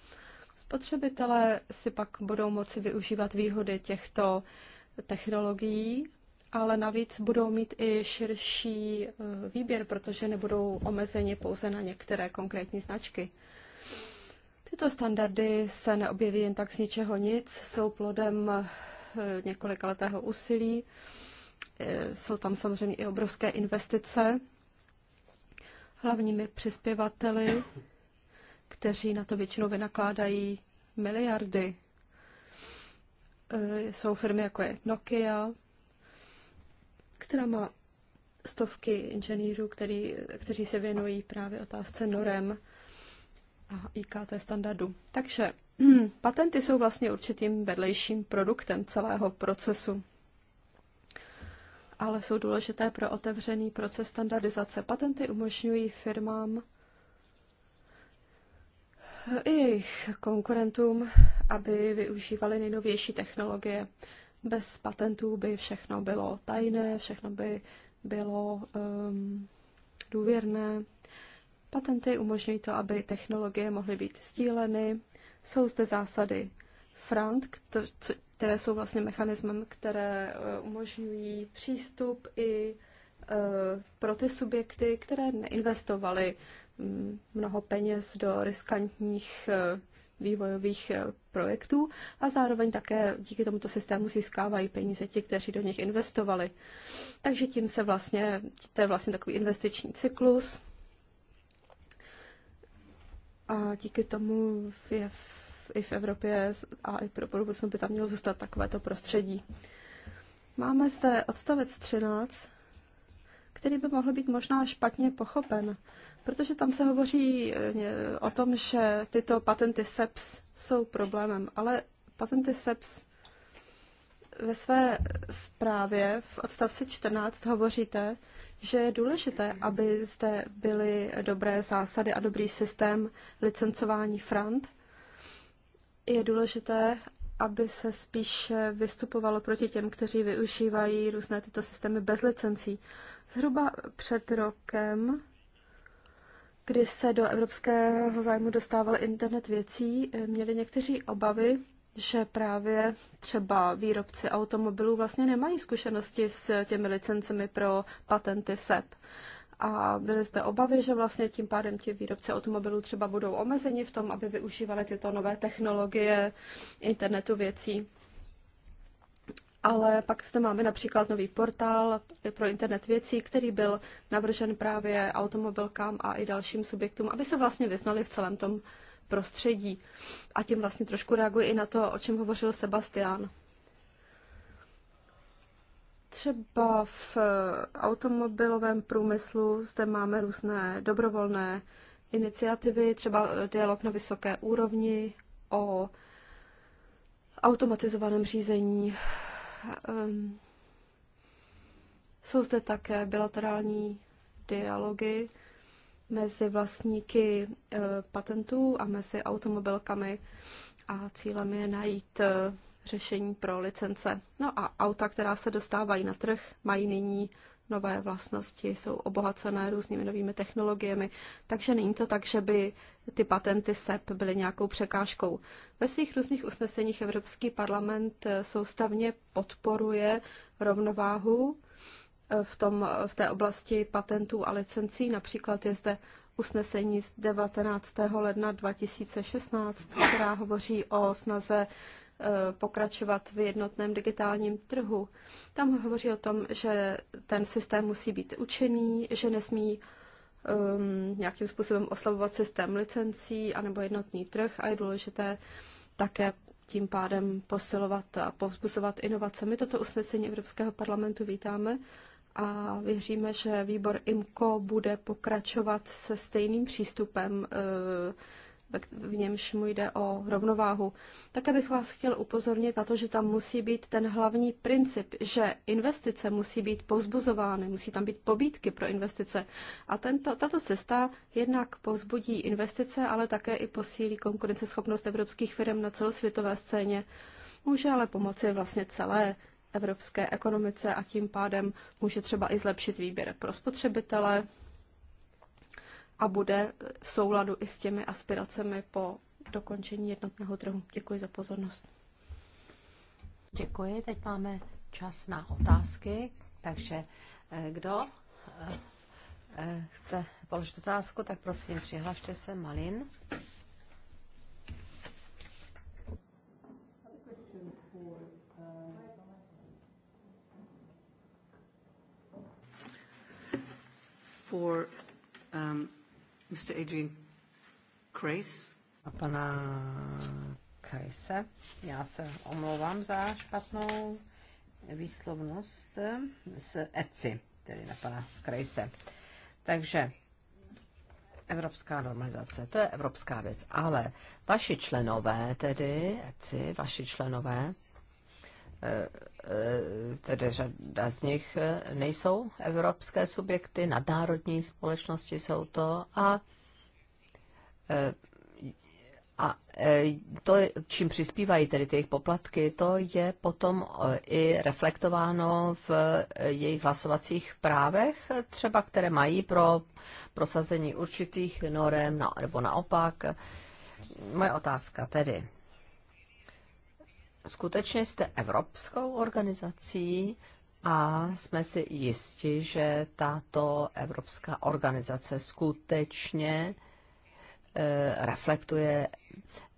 Spotřebitelé si pak budou moci využívat výhody těchto technologií, ale navíc budou mít i širší eh, výběr, protože nebudou omezeni pouze na některé konkrétní značky. Tyto standardy se neobjeví jen tak z ničeho nic, jsou plodem eh, několikaletého úsilí. Eh, jsou tam samozřejmě i obrovské investice. Hlavními přispěvateli, kteří na to většinou vynakládají miliardy, eh, jsou firmy jako je Nokia, která má stovky inženýrů, který, kteří se věnují právě otázce norem a IKT standardu. Takže patenty jsou vlastně určitým vedlejším produktem celého procesu ale jsou důležité pro otevřený proces standardizace. Patenty umožňují firmám i jejich konkurentům, aby využívali nejnovější technologie. Bez patentů by všechno bylo tajné, všechno by bylo um, důvěrné. Patenty umožňují to, aby technologie mohly být sdíleny. Jsou zde zásady Frank, které jsou vlastně mechanismem, které eh, umožňují přístup i eh, pro ty subjekty, které neinvestovaly mm, mnoho peněz do riskantních eh, vývojových projektů a zároveň také díky tomuto systému získávají peníze ti, kteří do nich investovali. Takže tím se vlastně, to je vlastně takový investiční cyklus a díky tomu je i v Evropě a i pro budoucnost by tam mělo zůstat takovéto prostředí. Máme zde odstavec 13, který by mohl být možná špatně pochopen, protože tam se hovoří eh, o tom, že tyto patenty SEPS e jsou problémem, ale patenty SEPS e ve své zprávě v odstavci 14 hovoříte, že je důležité, aby zde byly dobré zásady a dobrý systém licencování frant, je důležité, aby se spíš vystupovalo proti těm, kteří využívají různé tyto systémy bez licencí. Zhruba před rokem, kdy se do evropského zájmu dostával internet věcí, měli někteří obavy, že právě třeba výrobci automobilů vlastně nemají zkušenosti s těmi licencemi pro patenty SEP a byly zde obavy, že vlastně tím pádem ti výrobci automobilů třeba budou omezeni v tom, aby využívali tyto nové technologie internetu věcí. Ale pak zde máme například nový portál pro internet věcí, který byl navržen právě automobilkám a i dalším subjektům, aby se vlastně vyznali v celém tom prostředí. A tím vlastně trošku reaguje i na to, o čem hovořil Sebastian. Třeba v eh, automobilovém průmyslu zde máme různé dobrovolné iniciativy, třeba eh, dialog na vysoké úrovni o automatizovaném řízení. Ehm, jsou zde také bilaterální dialogy mezi vlastníky eh, patentů a mezi automobilkami a cílem je najít řešení pro licence. No a auta, která se dostávají na trh, mají nyní nové vlastnosti, jsou obohacené různými novými technologiemi, takže není to tak, že by ty patenty SEP byly nějakou překážkou. Ve svých různých usneseních Evropský parlament eh, soustavně podporuje rovnováhu eh, v, tom, eh, v té oblasti patentů a licencí. Například je zde usnesení z 19. ledna 2016, která hovoří o snaze Eh, pokračovat v jednotném digitálním trhu. Tam hovoří o tom, že ten systém musí být učený, že nesmí um, nějakým způsobem oslabovat systém licencí anebo jednotný trh a je důležité také tím pádem posilovat a povzbuzovat inovace. My toto usnesení Evropského parlamentu vítáme a věříme, že výbor IMCO bude pokračovat se stejným přístupem uh, v němž mu jde o rovnováhu. Také bych vás chtěl upozornit na to, že tam musí být ten hlavní princip, že investice musí být povzbuzovány, musí tam být pobídky pro investice. A tento, tato cesta jednak povzbudí investice, ale také i posílí konkurenceschopnost evropských firm na celosvětové scéně. Může ale pomoci vlastně celé evropské ekonomice a tím pádem může třeba i zlepšit výběr pro spotřebitele, a bude v souladu i s těmi aspiracemi po dokončení jednotného trhu. Děkuji za pozornost. Děkuji. Teď máme čas na otázky, takže eh, kdo eh, eh, chce položit otázku, tak prosím přihlašte se. Malin. For um, Mr. Adrian Kreis. A pana Krejse. Já se omlouvám za špatnou výslovnost s ECI, tedy na pana Krejse. Takže evropská normalizace, to je evropská věc, ale vaši členové tedy, ECI, vaši členové, tedy řada z nich nejsou evropské subjekty, nadnárodní společnosti jsou to a a e, to, čím přispívají tedy ty jejich poplatky, to je potom e, i reflektováno v jejich hlasovacích právech, třeba které mají pro prosazení určitých norem, nebo naopak. Moje otázka tedy skutečně jste evropskou organizací a jsme si jisti, že tato evropská organizace skutečně e, reflektuje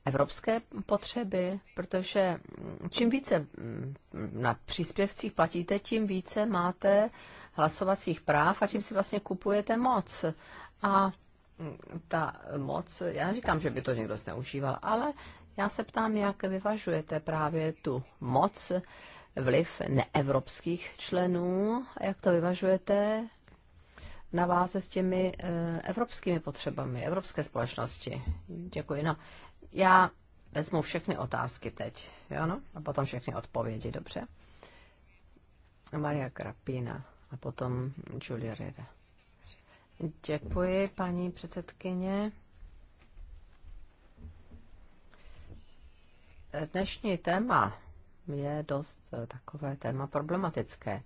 evropské potřeby, protože čím více mm, na příspěvcích platíte, tím více máte hlasovacích práv a tím si vlastně kupujete moc. A ta moc, já říkám, že by to někdo zneužíval, ale já se ptám, jak vyvažujete právě tu moc, vliv neevropských členů, jak to vyvažujete na váze s těmi eh, evropskými potřebami, evropské společnosti. Děkuji. No, já vezmu všechny otázky teď, jo, no? a potom všechny odpovědi, dobře? Maria Krapina a potom Julia Reda. Děkuji, paní předsedkyně. dnešní téma je dost eh, takové téma problematické.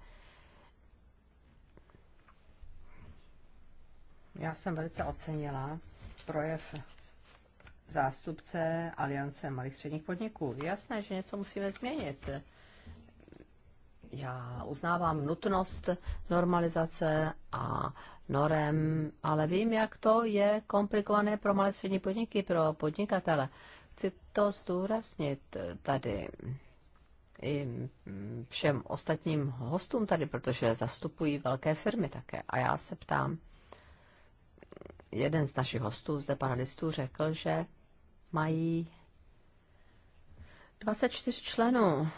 Já jsem velice ocenila projev zástupce Aliance malých středních podniků. Jasné, že něco musíme změnit. Já uznávám nutnost normalizace a norem, ale vím, jak to je komplikované pro malé střední podniky, pro podnikatele to zdůraznit tady i všem ostatním hostům tady, protože zastupují velké firmy také. A já se ptám, jeden z našich hostů zde panelistů řekl, že mají 24 členů,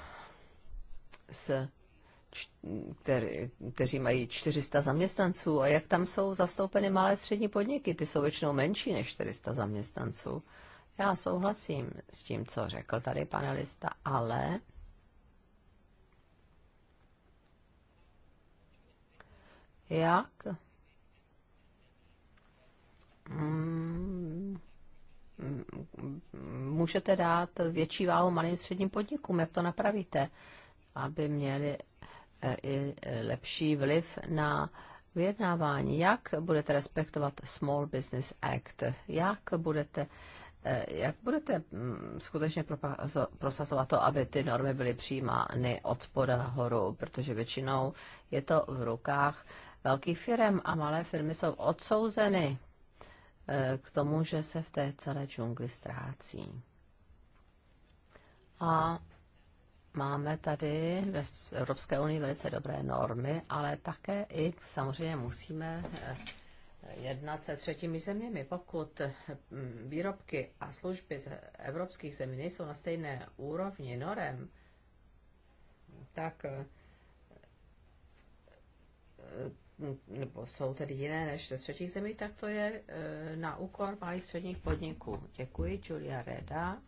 s, který, kteří mají 400 zaměstnanců. A jak tam jsou zastoupeny malé střední podniky? Ty jsou většinou menší než 400 zaměstnanců. Já souhlasím s tím, co řekl tady panelista, ale jak mm, můžete dát větší váhu malým středním podnikům, jak to napravíte, aby měli eh, i eh, lepší vliv na vyjednávání. Jak budete respektovat Small Business Act? Jak budete Eh, jak budete mm, skutečně prosazovat to, aby ty normy byly přijímány od spoda nahoru, protože většinou je to v rukách velkých firm a malé firmy jsou odsouzeny eh, k tomu, že se v té celé džungli ztrácí. A máme tady ve Evropské unii velice dobré normy, ale také i samozřejmě musíme eh, jednat se třetími zeměmi, pokud mm, výrobky a služby z evropských zemí nejsou na stejné úrovni norem, tak e, e, nebo jsou tedy jiné než ze třetích zemí, tak to je e, na úkor malých středních podniků. Děkuji, Julia Reda.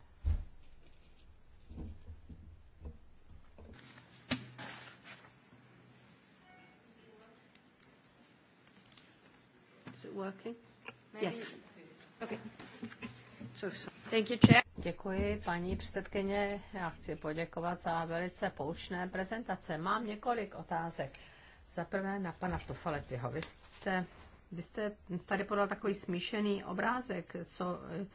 Děkuji, paní předsedkyně. Já chci poděkovat za velice poučné prezentace. Mám několik otázek. Za prvé na pana Tofaletyho. Vy jste, vy jste tady podal takový smíšený obrázek, co eh,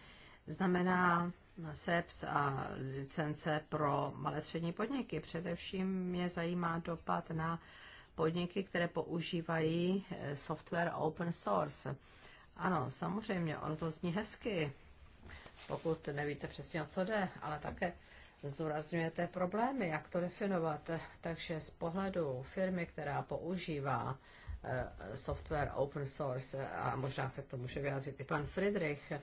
znamená SEPS a licence pro malé střední podniky. Především mě zajímá dopad na uh, podniky, které používají eh, software open source. Ano, samozřejmě, ono to zní hezky, pokud nevíte přesně, o co jde, ale také zdůrazňujete problémy, jak to definovat. Takže z pohledu firmy, která používá eh, software open source, a možná se k tomu může vyjádřit i pan Friedrich,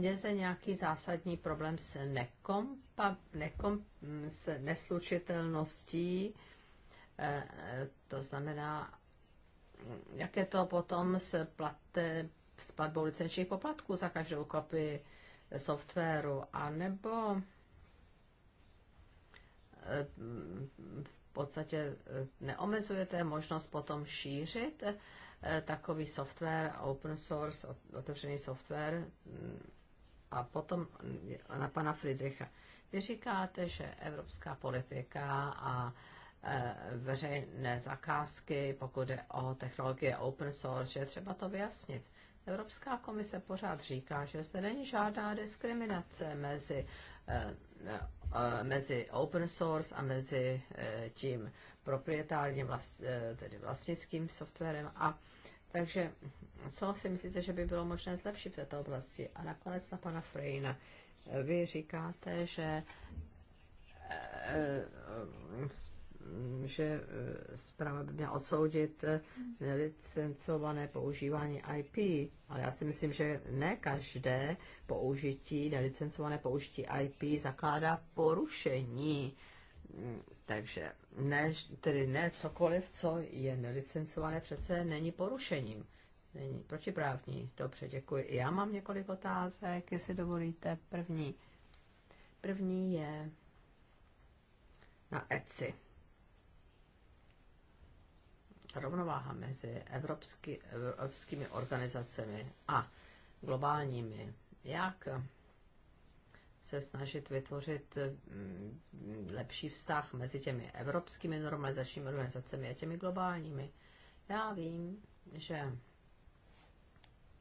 je zde nějaký zásadní problém s, nekompa, nekom, s neslučitelností Eh, to znamená, jak je to potom s, plate, s platbou licenčních poplatků za každou kopii softwaru, anebo eh, v podstatě eh, neomezujete možnost potom šířit takový software, open source, otevřený software mm, a potom na pana Friedricha. Vy říkáte, že evropská politika a Eh, veřejné zakázky, pokud je o technologie open source, že je třeba to vyjasnit. Evropská komise pořád říká, že zde není žádná diskriminace mezi, eh, eh, mezi open source a mezi tím proprietárním, vlast, tedy vlastnickým softwarem. A takže co si myslíte, že by bylo možné zlepšit v této oblasti? A nakonec na pana Freina. Vy říkáte, že že e, zpráva by měla odsoudit nelicencované používání IP, ale já si myslím, že ne každé použití, nelicencované použití IP zakládá porušení. Mm, takže ne, tedy ne cokoliv, co je nelicencované, přece není porušením. Není protiprávní. Dobře, děkuji. Já mám několik otázek, jestli dovolíte. První. První je na ECI rovnováha mezi evropský, evropskými organizacemi a globálními, jak se snažit vytvořit mm, lepší vztah mezi těmi evropskými normalizačními organizacemi a těmi globálními. Já vím, že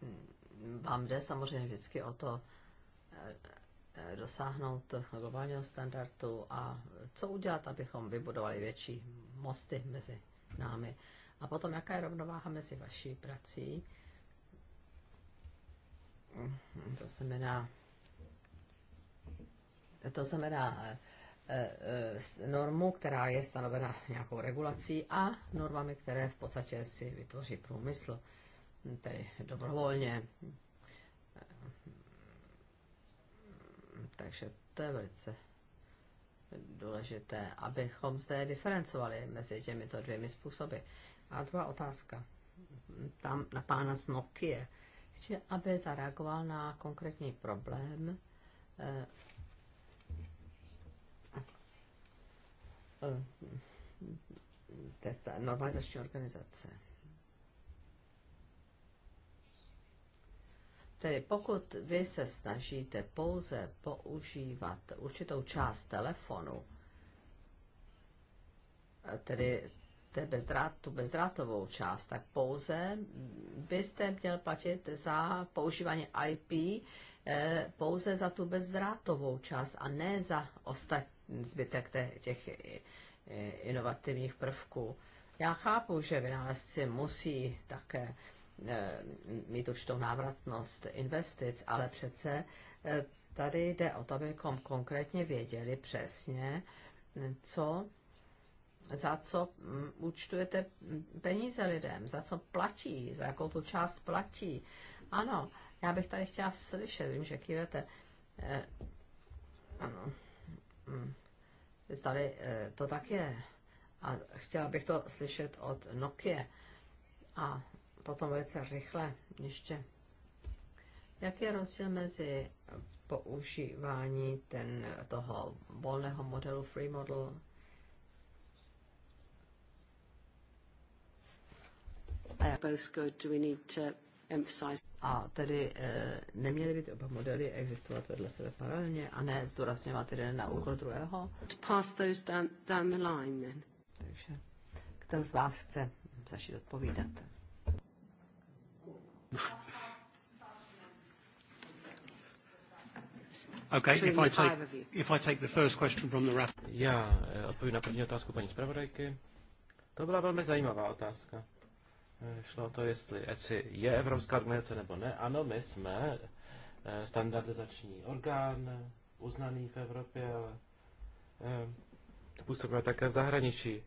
mm, vám jde samozřejmě vždycky o to eh, eh, dosáhnout globálního standardu a co udělat, abychom vybudovali větší mosty mezi námi. A potom, jaká je rovnováha mezi vaší prací? To znamená, to znamená eh, eh, normu, která je stanovena nějakou regulací a normami, které v podstatě si vytvoří průmysl, tedy dobrovolně. Takže to je velice důležité, abychom zde diferencovali mezi těmito dvěmi způsoby. A druhá otázka. Tam na pána z Nokie. Že aby zareagoval na konkrétní problém, eh, to je normalizační organizace. Tedy pokud vy se snažíte pouze používat určitou část telefonu, tedy té bezdrát, tu bezdrátovou část, tak pouze byste měl platit za používání IP eh, pouze za tu bezdrátovou část a ne za ostatní zbytek těch eh, inovativních prvků. Já chápu, že vynálezci musí také mít eh, mít určitou návratnost investic, ale přece tady jde o to, abychom konkrétně věděli přesně, co za co mm, účtujete peníze lidem, za co platí, za jakou tu část platí. Ano, já bych tady chtěla slyšet, vím, že kývete. Eh, ano. Mm, zdali eh, to tak je. A chtěla bych to slyšet od Nokia. A potom velice rychle ještě. Jaký je rozdíl mezi používání ten, toho volného modelu, free model, A tedy eh, neměly by ty oba modely existovat vedle sebe paralelně a ne zdůrazňovat jeden na úkor druhého? Pass those down, down the line then. Takže kdo z vás chce začít odpovídat? Okay, if I, take, if I take the first question from the Já eh, odpovím na první otázku paní zpravodajky. To byla velmi zajímavá otázka. Eh, šlo to, jestli ECI je Evropská organizace nebo ne. Ano, my jsme eh, standardizační orgán, eh, uznaný v Evropě, ale působíme také v zahraničí.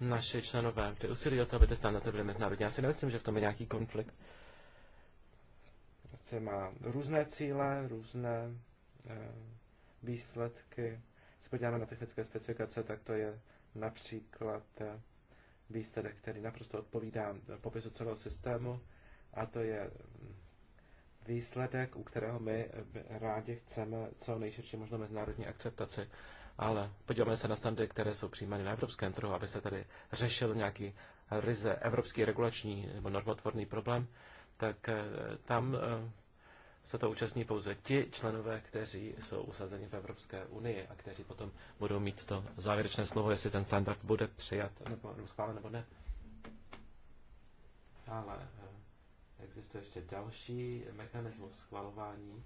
Naše členové, ty usilí o to, aby ty standardy byly mezinárodní. Já si nemyslím, že v tom je nějaký konflikt. Prostě má různé cíle, různé výsledky. Když se podíváme na technické specifikace, tak to je například eh, výsledek, který naprosto odpovídá eh, popisu celého systému, a to je mm, výsledek, u kterého my eh, rádi chceme co nejširší možnou mezinárodní akceptaci. Ale podíváme se na standardy, které jsou přijímány na evropském trhu, aby se tady řešil nějaký ryze evropský regulační nebo normotvorný problém, tak tam se to účastní pouze ti členové, kteří jsou usazeni v Evropské unii a kteří potom budou mít to závěrečné slovo, jestli ten standard bude přijat nebo, nebo schválen nebo ne. Ale eh, existuje ještě další mechanismus schvalování.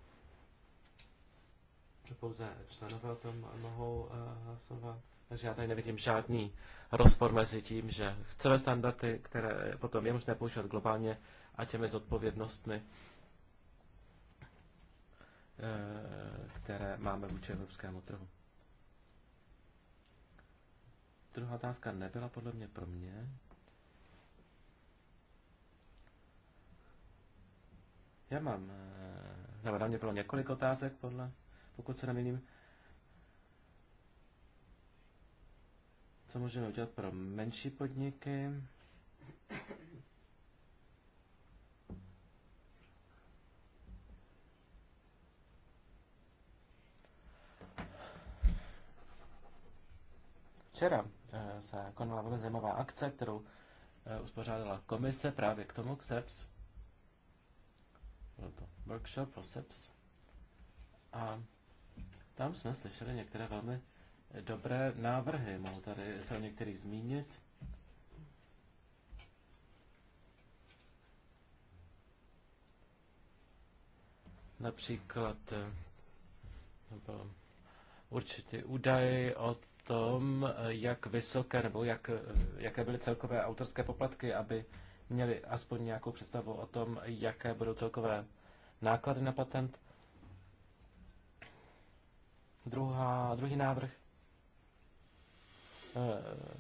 Pouze členové o tom mohou eh, hlasovat. Takže já tady nevidím žádný rozpor mezi tím, že chceme standardy, které potom je možné používat globálně a těmi zodpovědnostmi, Eh, které máme vůči evropskému trhu. Druhá otázka nebyla podle mě pro mě. Já mám, eh, nebo na mě bylo několik otázek, podle, pokud se nemýlím. Co můžeme udělat pro menší podniky? Včera eh, se konala velmi zajímavá akce, kterou eh, uspořádala komise právě k tomu, k SEPS. Byl to workshop o SEPS. A tam jsme slyšeli některé velmi dobré návrhy. Mohu tady se o některých zmínit. Například eh, nebo určitý údaj o tom, jak vysoké nebo jak, jaké byly celkové autorské poplatky, aby měli aspoň nějakou představu o tom, jaké budou celkové náklady na patent. Druhá, druhý návrh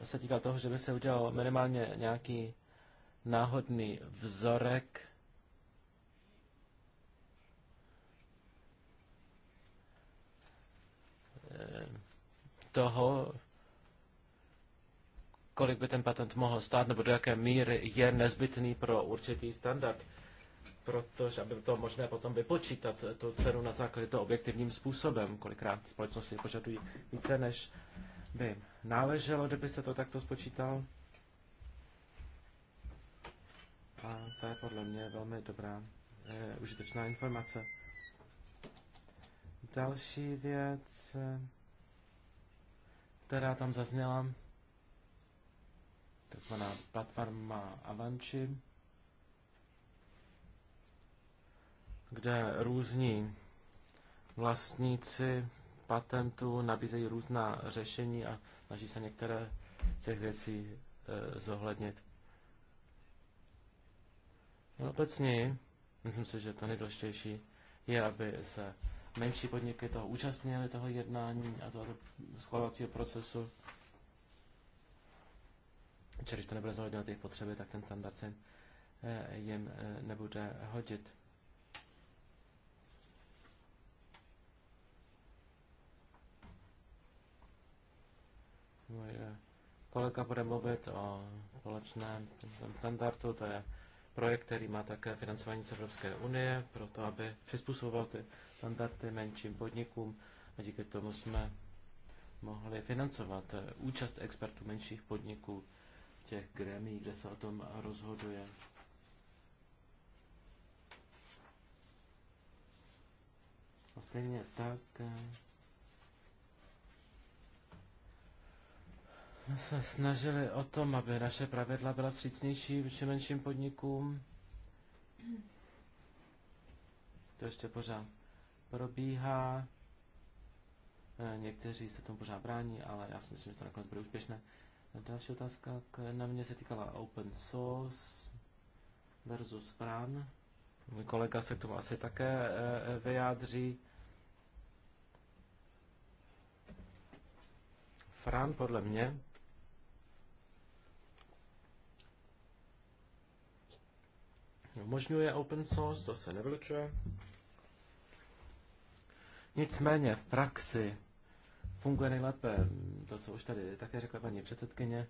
eh, se týká toho, že by se udělal minimálně nějaký náhodný vzorek eh, toho, kolik by ten patent mohl stát, nebo do jaké míry je nezbytný pro určitý standard, protože aby to možné potom vypočítat tu cenu na základě toho objektivním způsobem, kolikrát společnosti požadují více, než by náleželo, kdyby se to takto spočítal. A to je podle mě velmi dobrá, je, eh, užitečná informace. Další věc. Eh, která tam zazněla, takzvaná platforma Avanči, kde různí vlastníci patentů nabízejí různá řešení a snaží se některé těch věcí e, zohlednit. No, obecně, myslím si, že to nejdůležitější je, aby se menší podniky toho účastnili, toho jednání a toho schvalovacího procesu. Čili když to nebude na jejich potřeby, tak ten standard se eh, jim eh, nebude hodit. Moje eh, kolega bude mluvit o společném standardu, to je projekt, který má také financování z Evropské unie, proto aby přizpůsoboval ty standardy menším podnikům a díky tomu jsme mohli financovat eh, účast expertů menších podniků v těch gremích, kde se o tom rozhoduje. A stejně tak eh, se snažili o tom, aby naše pravidla byla vstřícnější všem menším podnikům. To ještě pořád probíhá. Eh, někteří se tomu pořád brání, ale já si myslím, že to nakonec bude úspěšné. Další otázka na mě se týkala open source versus Fran. Můj kolega se k tomu asi také eh, vyjádří. Fran podle mě umožňuje open source, to se nevylučuje. Nicméně v praxi funguje nejlépe to, co už tady také řekla paní předsedkyně,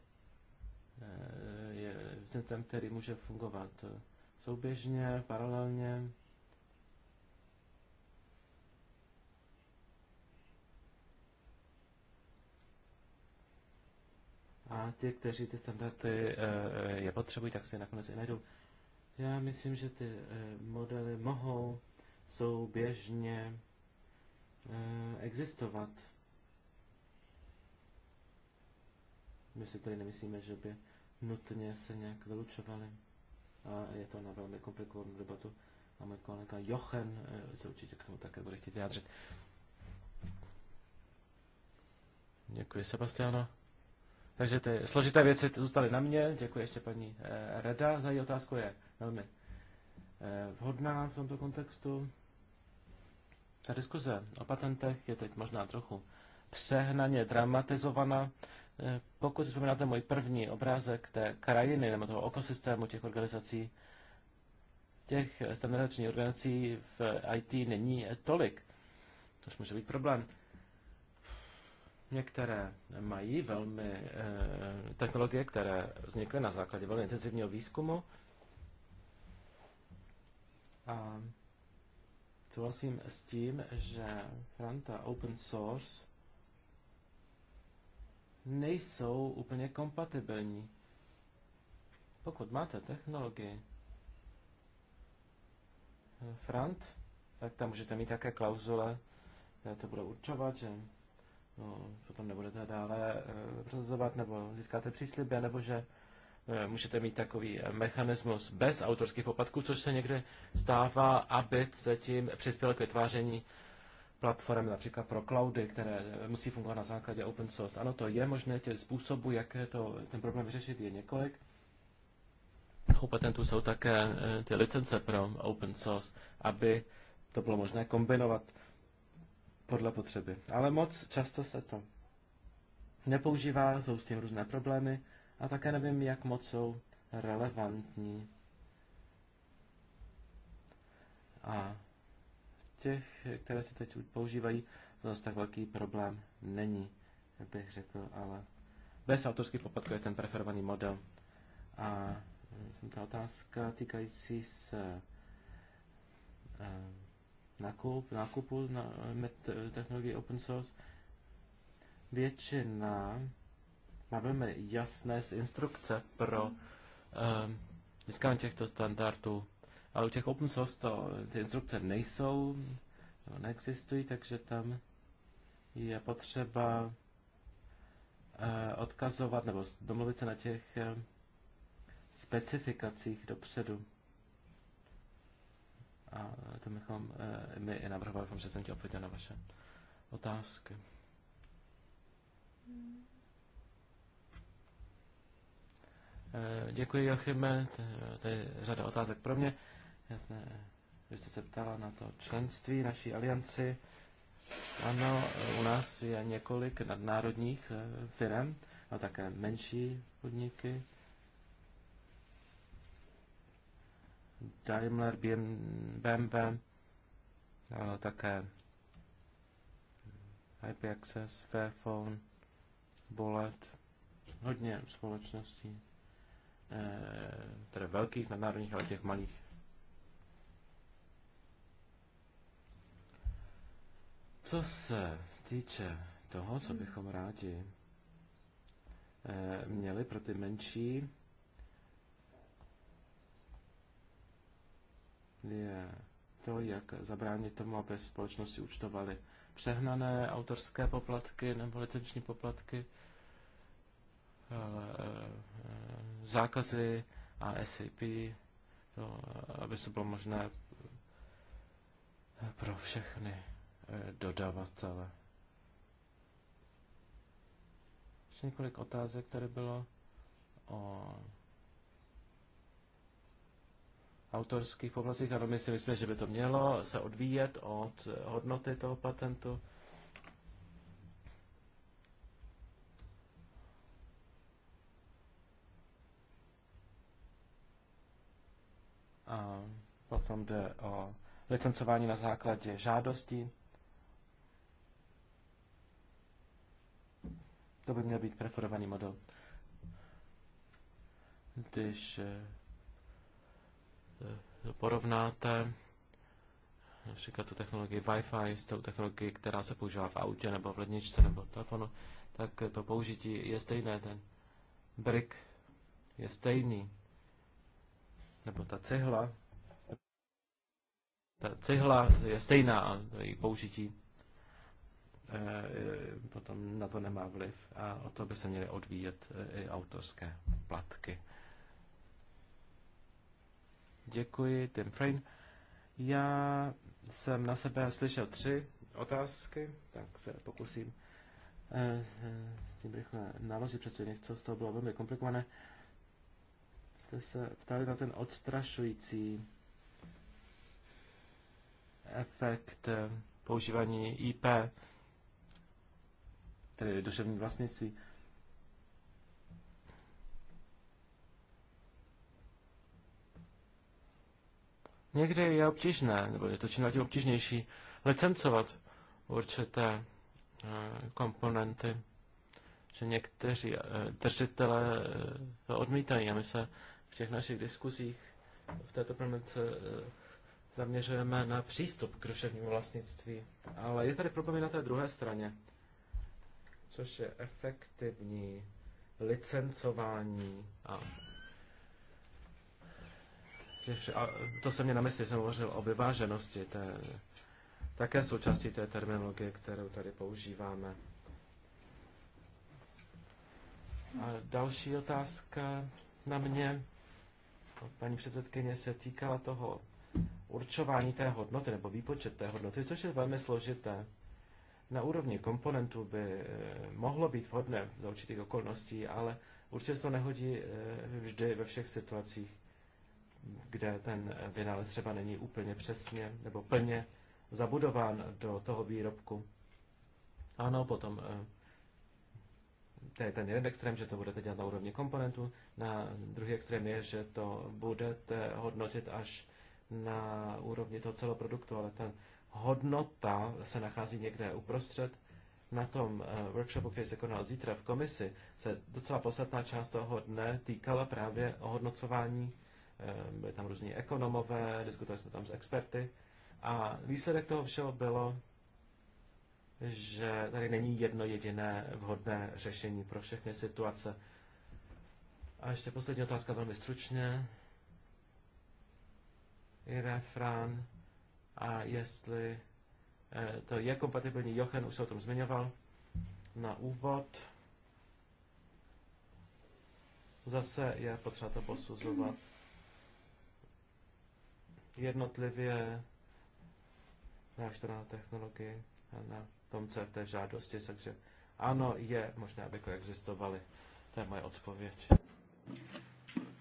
eh, je systém, který může fungovat eh, souběžně, paralelně. A ti, kteří ty standardy eh, je potřebují, tak si nakonec i najdou. Já myslím, že ty eh, modely mohou souběžně eh, existovat. My si tady nemyslíme, že by nutně se nějak vylučovali. A je to na velmi komplikovanou debatu. A můj kolega Jochen eh, se určitě k tomu také bude chtít vyjádřit. Děkuji, Sebastiano. Takže ty složité věci zůstaly na mě. Děkuji ještě paní Reda za její otázku. Je velmi eh, vhodná v tomto kontextu. Ta diskuze o patentech je teď možná trochu přehnaně dramatizovaná. Eh, pokud si vzpomínáte můj první obrázek té krajiny nebo toho ekosystému těch organizací, těch standardizačních organizací v IT není tolik, což může být problém. Některé mají velmi eh, technologie, které vznikly na základě velmi intenzivního výzkumu, a souhlasím s tím, že Franta Open Source nejsou úplně kompatibilní. Pokud máte technologii Frant, tak tam můžete mít také klauzule, které to bude určovat, že no, potom nebudete dále e, eh, přesazovat, nebo získáte přísliby, nebo že Eh, můžete mít takový eh, mechanismus bez autorských poplatků, což se někde stává, aby se tím přispěl k vytváření platform například pro cloudy, které eh, musí fungovat na základě open source. Ano, to je možné, těch způsobů, jak to, ten problém vyřešit, je několik. U patentů jsou také ty licence pro open source, aby to bylo možné kombinovat podle potřeby. Ale moc často se to nepoužívá, jsou s tím různé problémy a také nevím, jak moc jsou relevantní. A těch, které se teď používají, to zase tak velký problém není, jak bych řekl, ale bez autorských poplatků je ten preferovaný model. A jsem ta otázka týkající se eh, nákup, nákupu na, eh, eh, technologii open source. Většina má velmi jasné z instrukce pro um, získání těchto standardů. Ale u těch open source to, ty instrukce nejsou, neexistují, takže tam je potřeba uh, odkazovat nebo domluvit se na těch uh, specifikacích dopředu. A to bychom, uh, my i navrhovali, že jsem ti odpověděl na vaše otázky. Hmm. Děkuji, Jochime. To je řada otázek pro mě. Vy jste se ptala na to členství naší alianci. Ano, u nás je několik nadnárodních eh, firm a také menší podniky. Daimler, BMW, ale také IP Access, Fairphone, Bullet, hodně společností. Eh, tedy velkých nadnárodních, ale těch malých. Co se týče toho, co bychom rádi eh, měli pro ty menší, je to, jak zabránit tomu, aby společnosti účtovaly přehnané autorské poplatky nebo licenční poplatky. Eh, zákazy a SAP, to, aby to bylo možné pro všechny eh, dodavatele. Ještě několik otázek tady bylo o autorských poplacích. Ano, my si myslíme, že by to mělo se odvíjet od hodnoty toho patentu. Potom jde o licencování na základě žádosti. To by měl být preferovaný model. Když eh, eh, porovnáte například tu technologii Wi-Fi s tou technologií, která se používá v autě nebo v ledničce nebo v telefonu, tak to použití je stejné. Ten brick je stejný. Nebo ta cihla ta cihla je stejná a její použití eh, eh, potom na to nemá vliv a o to by se měly odvíjet eh, i autorské platky. Děkuji, Tim Frame. Já jsem na sebe slyšel tři otázky, tak se pokusím s tím rychle naložit, přestože něco z toho bylo velmi komplikované. Jste se ptali na ten odstrašující efekt eh, používání IP, tedy duševní vlastnictví. Někdy je obtížné, nebo je to čím tím obtížnější, licencovat určité eh, komponenty, že někteří eh, držitelé to odmítají a my se v těch našich diskuzích v této problematice zaměřujeme na přístup k duševnímu vlastnictví. Ale je tady problém i na té druhé straně, což je efektivní licencování a to se mě na mysli, jsem hovořil o vyváženosti, té, také součástí té terminologie, kterou tady používáme. A další otázka na mě paní předsedkyně se týkala toho určování té hodnoty nebo výpočet té hodnoty, což je velmi složité. Na úrovni komponentů by eh, mohlo být vhodné za určitých okolností, ale určitě se to nehodí eh, vždy ve všech situacích, kde ten vynález třeba není úplně přesně nebo plně zabudován do toho výrobku. Ano, potom eh, to je ten jeden extrém, že to budete dělat na úrovni komponentů, na druhý extrém je, že to budete hodnotit až na úrovni toho celého produktu, ale ta hodnota se nachází někde uprostřed. Na tom eh, workshopu, který se konal zítra v komisi, se docela podstatná část toho dne týkala právě ohodnocování. Eh, byli tam různí ekonomové, diskutovali jsme tam s experty a výsledek toho všeho bylo, že tady není jedno jediné vhodné řešení pro všechny situace. A ještě poslední otázka velmi stručně refrán a jestli eh, to je kompatibilní. Jochen už se o tom zmiňoval na úvod. Zase je potřeba to posuzovat jednotlivě na na technologii a na tom, co je v té žádosti. Takže ano, je možné, aby koexistovaly. To je moje odpověď.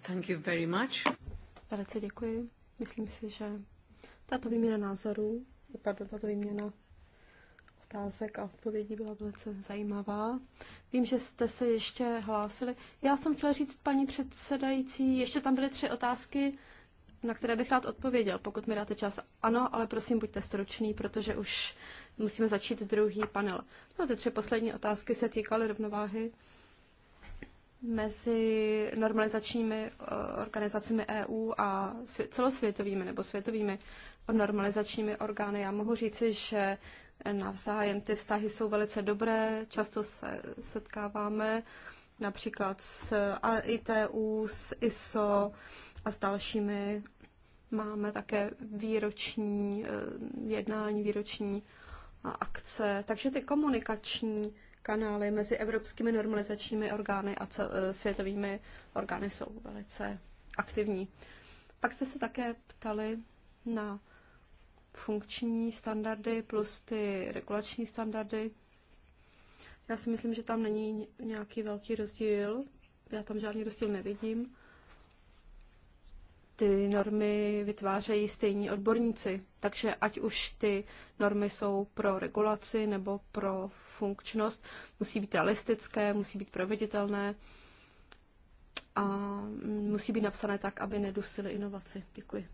Thank you very much. Velice děkuji. Myslím si, že tato výměna názorů, opravdu tato výměna otázek a odpovědí byla velice zajímavá. Vím, že jste se ještě hlásili. Já jsem chtěla říct, paní předsedající, ještě tam byly tři otázky, na které bych rád odpověděl, pokud mi dáte čas. Ano, ale prosím, buďte stručný, protože už musíme začít druhý panel. No, ty tři poslední otázky se týkaly rovnováhy mezi normalizačními eh, organizacemi EU a celosvětovými nebo světovými normalizačními orgány. Já mohu říci, že navzájem ty vztahy jsou velice dobré, často se setkáváme například s ITU, s ISO a s dalšími. Máme také výroční eh, jednání, výroční akce, takže ty komunikační kanály mezi evropskými normalizačními orgány a eh, světovými orgány jsou velice aktivní. Pak jste se také ptali na funkční standardy plus ty regulační standardy. Já si myslím, že tam není nějaký velký rozdíl. Já tam žádný rozdíl nevidím. Ty normy vytvářejí stejní odborníci, takže ať už ty normy jsou pro regulaci nebo pro funkčnost, musí být realistické, musí být proveditelné a musí být napsané tak, aby nedusily inovaci. Děkuji.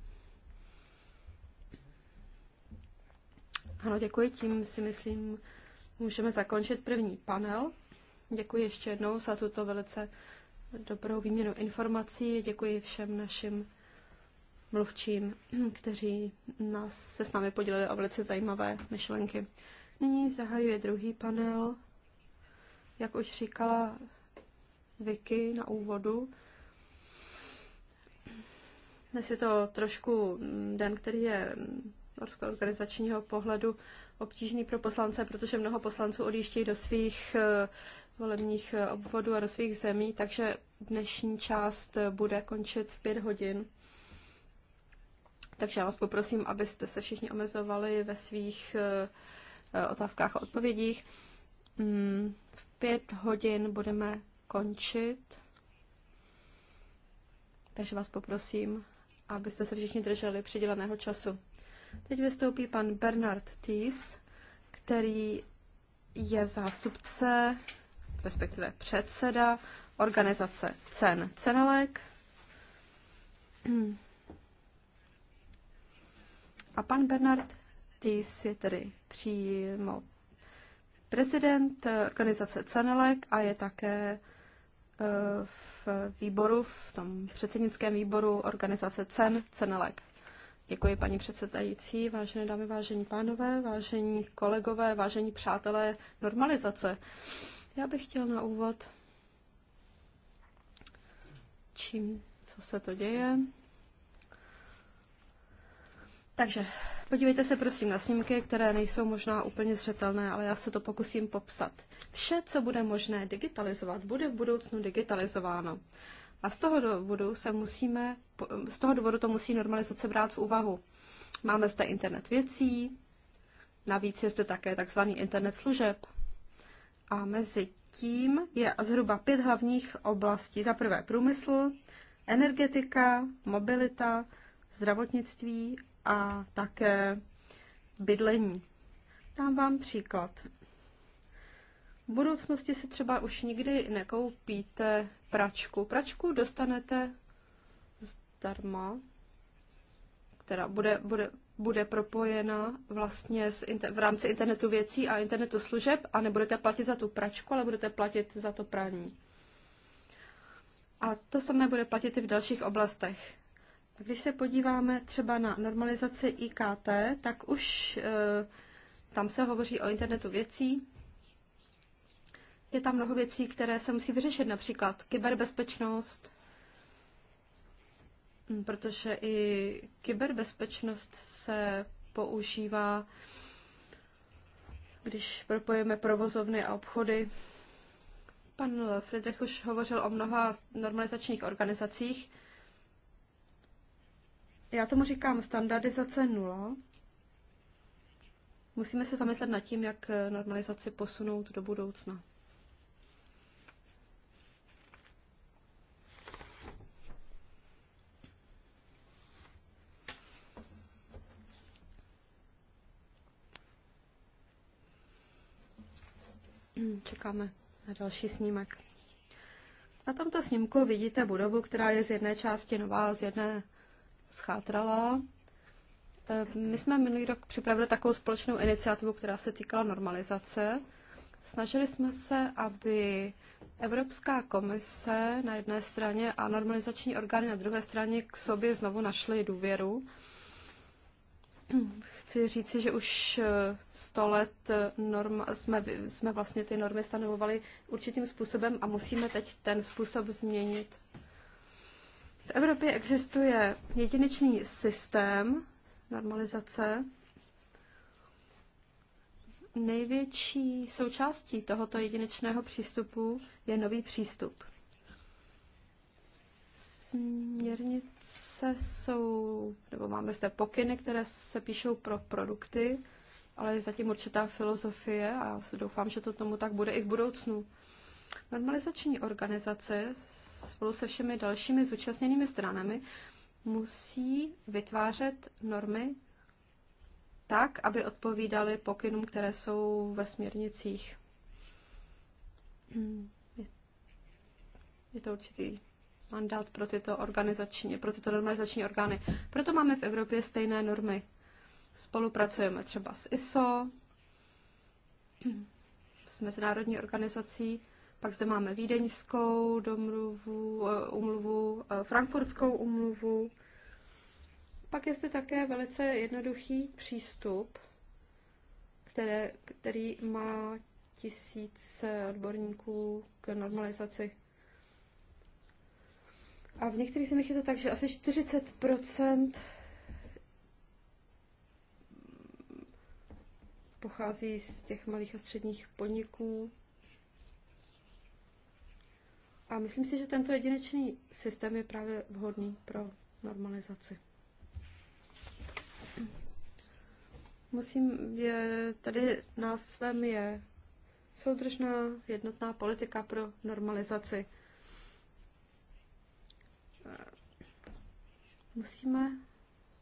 Ano, děkuji. Tím si myslím, můžeme zakončit první panel. Děkuji ještě jednou za tuto velice dobrou výměnu informací. Děkuji všem našim mluvčím, kteří nás se s námi podělili o velice zajímavé myšlenky. Nyní zahajuje druhý panel. Jak už říkala Vicky na úvodu, dnes je to trošku den, který je z organizačního pohledu obtížný pro poslance, protože mnoho poslanců odjíždí do svých eh, volebních eh, obvodů a do svých zemí, takže dnešní část bude končit v pět hodin. Takže já vás poprosím, abyste se všichni omezovali ve svých eh, Eh, otázkách a odpovědích. Hmm, v pět hodin budeme končit, takže vás poprosím, abyste se všichni drželi přiděleného času. Teď vystoupí pan Bernard Thies, který je zástupce, respektive předseda organizace Cen Cenelek. Hmm. A pan Bernard ty si tedy přímo prezident organizace Canelek a je také e, v výboru, v tom předsednickém výboru organizace CEN Cenelek. Děkuji paní předsedající, vážené dámy, vážení pánové, vážení kolegové, vážení přátelé normalizace. Já bych chtěl na úvod čím, co se to děje. Takže Podívejte se prosím na snímky, které nejsou možná úplně zřetelné, ale já se to pokusím popsat. Vše, co bude možné digitalizovat, bude v budoucnu digitalizováno. A z toho důvodu se musíme, z toho důvodu to musí normalizace brát v úvahu. Máme zde internet věcí, navíc je zde také takzvaný internet služeb. A mezi tím je zhruba pět hlavních oblastí. Za prvé průmysl, energetika, mobilita, zdravotnictví a také bydlení. Dám vám příklad. V budoucnosti si třeba už nikdy nekoupíte pračku. Pračku dostanete zdarma, která bude, bude, bude propojena vlastně s inter, v rámci internetu věcí a internetu služeb a nebudete platit za tu pračku, ale budete platit za to praní. A to samé bude platit i v dalších oblastech. Když se podíváme třeba na normalizaci IKT, tak už eh, tam se hovoří o internetu věcí. Je tam mnoho věcí, které se musí vyřešit, například kyberbezpečnost, hm, protože i kyberbezpečnost se používá, když propojíme provozovny a obchody. Pan Friedrich už hovořil o mnoha normalizačních organizacích. Já tomu říkám standardizace nula. Musíme se zamyslet nad tím, jak normalizaci posunout do budoucna. Čekáme na další snímek. Na tomto snímku vidíte budovu, která je z jedné části nová, z jedné schátrala. Eh, my jsme minulý rok připravili takovou společnou iniciativu, která se týkala normalizace. Snažili jsme se, aby Evropská komise na jedné straně a normalizační orgány na druhé straně k sobě znovu našly důvěru. Chci říci, že už eh, sto let eh, norma, jsme, jsme vlastně ty normy stanovovali určitým způsobem a musíme teď ten způsob změnit v Evropě existuje jedinečný systém normalizace. Největší součástí tohoto jedinečného přístupu je nový přístup. Směrnice jsou, nebo máme zde pokyny, které se píšou pro produkty, ale je zatím určitá filozofie a já doufám, že to tomu tak bude i v budoucnu. Normalizační organizace spolu se všemi dalšími zúčastněnými stranami musí vytvářet normy tak, aby odpovídaly pokynům, které jsou ve směrnicích. Je to určitý mandát pro tyto, organizační, pro tyto normalizační orgány. Proto máme v Evropě stejné normy. Spolupracujeme třeba s ISO, s Mezinárodní organizací pak zde máme Vídeňskou domluvu, eh, umluvu, eh, Frankfurtskou umluvu. Pak je zde také velice jednoduchý přístup, které, který má tisíc odborníků k normalizaci. A v některých zemích je to tak, že asi 40 pochází z těch malých a středních podniků, a myslím si, že tento jedinečný systém je právě vhodný pro normalizaci. Musím, je, tady svém je soudržná jednotná politika pro normalizaci. Musíme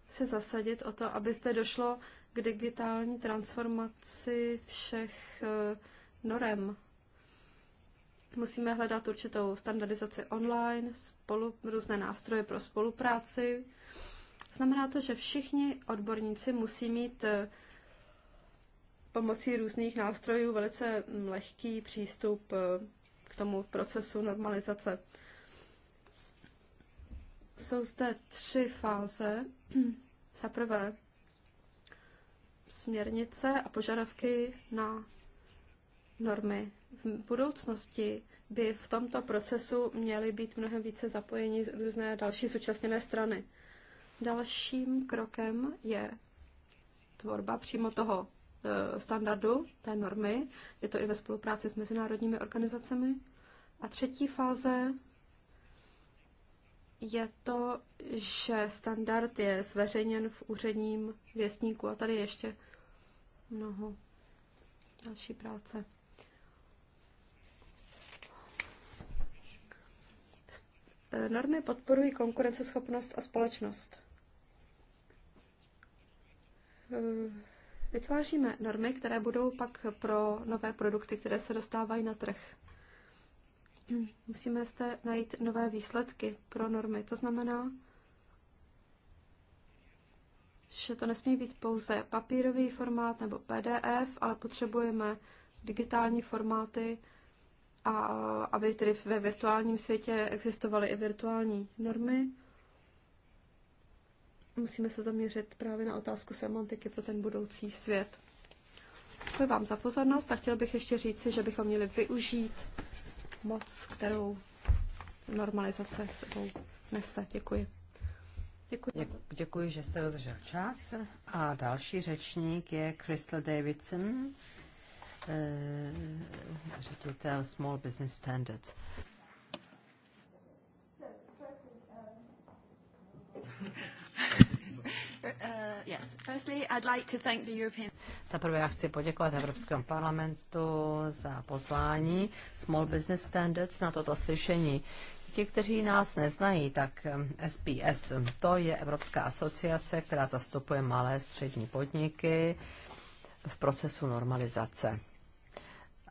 se zasadit o to, aby zde došlo k digitální transformaci všech eh, norem Musíme hledat určitou standardizaci online, spolu, různé nástroje pro spolupráci. Znamená to, že všichni odborníci musí mít eh, pomocí různých nástrojů velice mm, lehký přístup eh, k tomu procesu normalizace. Jsou zde tři fáze. Za prvé směrnice a požadavky na normy. V budoucnosti by v tomto procesu měly být mnohem více zapojeni různé další zúčastněné strany. Dalším krokem je tvorba přímo toho e, standardu, té normy. Je to i ve spolupráci s mezinárodními organizacemi. A třetí fáze je to, že standard je zveřejněn v úředním věstníku a tady ještě mnoho další práce. E, normy podporují konkurenceschopnost a společnost. E, vytváříme normy, které budou pak pro nové produkty, které se dostávají na trh. Musíme zde najít nové výsledky pro normy. To znamená, že to nesmí být pouze papírový formát nebo PDF, ale potřebujeme digitální formáty, a aby tedy ve virtuálním světě existovaly i virtuální normy. Musíme se zaměřit právě na otázku semantiky pro ten budoucí svět. Děkuji vám za pozornost a chtěl bych ještě říci, že bychom měli využít moc, kterou normalizace sebou nese. Děkuji. Děkuji. Děkuji, že jste dodržel čas. A další řečník je Crystal Davidson Eh, ředitel Small Business Standards. Eh, za prvé já chci poděkovat Evropskému parlamentu za pozvání Small Business Standards na toto slyšení. Ti, kteří nás neznají, tak SBS eh, to je Evropská asociace, která zastupuje malé střední podniky v procesu normalizace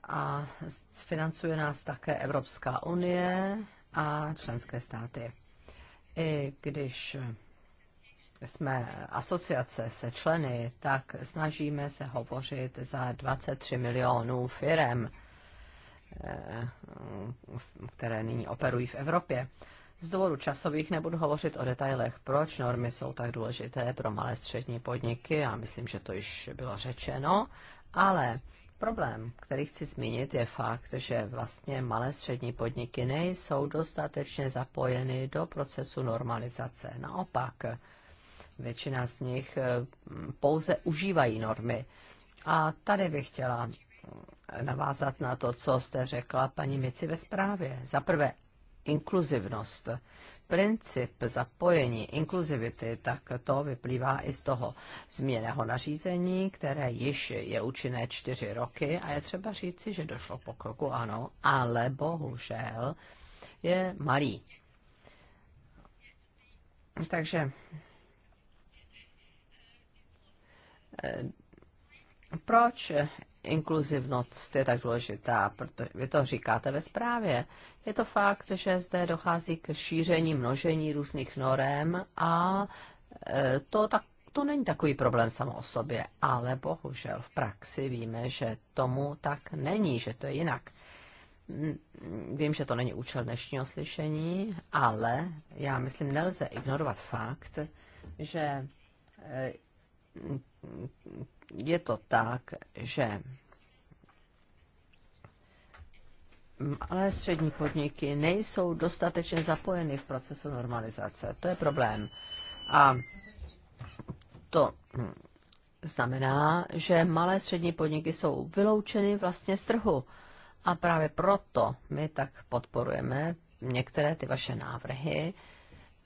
a financuje nás také Evropská unie a členské státy. I když jsme asociace se členy, tak snažíme se hovořit za 23 milionů firem, eh, které nyní operují v Evropě. Z důvodu časových nebudu hovořit o detailech, proč normy jsou tak důležité pro malé střední podniky, A myslím, že to již bylo řečeno, ale Problém, který chci zmínit, je fakt, že vlastně malé střední podniky nejsou dostatečně zapojeny do procesu normalizace. Naopak, většina z nich eh, pouze užívají normy. A tady bych chtěla eh, navázat na to, co jste řekla paní Mici ve zprávě. Za prvé, inkluzivnost princip zapojení inkluzivity, tak to vyplývá i z toho změného nařízení, které již je účinné čtyři roky a je třeba říci, že došlo pokroku, ano, ale bohužel je malý. Takže eh, proč inkluzivnost je tak důležitá, protože vy to říkáte ve zprávě. Je to fakt, že zde dochází k šíření, množení různých norem a e, to tak to není takový problém samo o sobě, ale bohužel v praxi víme, že tomu tak není, že to je jinak. Mm, vím, že to není účel dnešního slyšení, ale já myslím, nelze ignorovat fakt, že e, je to tak, že malé střední podniky nejsou dostatečně zapojeny v procesu normalizace. To je problém. A to znamená, že malé střední podniky jsou vyloučeny vlastně z trhu. A právě proto my tak podporujeme některé ty vaše návrhy,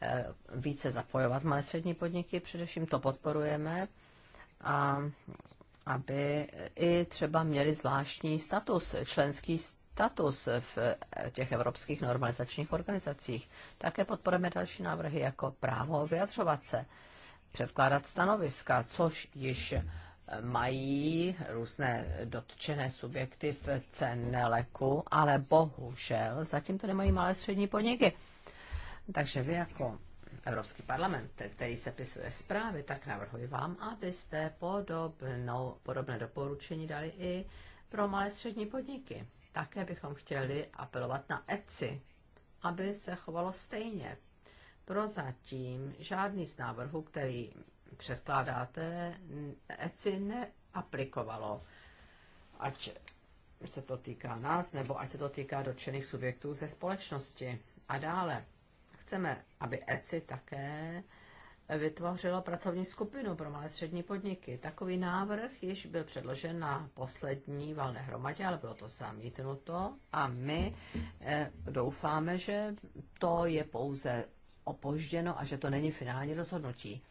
eh, více zapojovat malé střední podniky, především to podporujeme a aby i třeba měli zvláštní status, členský status v těch evropských normalizačních organizacích. Také podporujeme další návrhy jako právo vyjadřovat se, předkládat stanoviska, což již mají různé dotčené subjekty v cenné leku, ale bohužel zatím to nemají malé střední podniky. Takže vy jako Evropský parlament, který se pisuje zprávy, tak navrhuji vám, abyste podobnou, podobné doporučení dali i pro malé střední podniky. Také bychom chtěli apelovat na ECI, aby se chovalo stejně. Prozatím žádný z návrhů, který předkládáte, ECI neaplikovalo, ať se to týká nás, nebo ať se to týká dotčených subjektů ze společnosti. A dále, chceme, aby ECI také vytvořilo pracovní skupinu pro malé střední podniky. Takový návrh již byl předložen na poslední valné hromadě, ale bylo to zamítnuto a my eh, doufáme, že to je pouze opožděno a že to není finální rozhodnutí.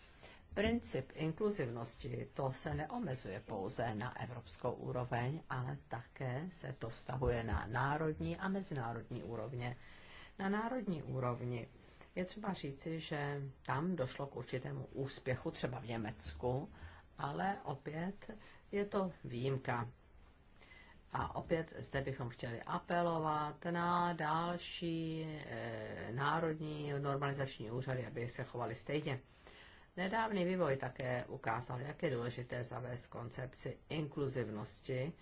Princip inkluzivnosti to se neomezuje pouze na evropskou úroveň, ale také se to vztahuje na národní a mezinárodní úrovně. Na národní úrovni je třeba říci, že tam došlo k určitému úspěchu, třeba v Německu, ale opět je to výjimka. A opět zde bychom chtěli apelovat na další e, národní normalizační úřady, aby se chovali stejně. Nedávný vývoj také ukázal, jak je důležité zavést koncepci inkluzivnosti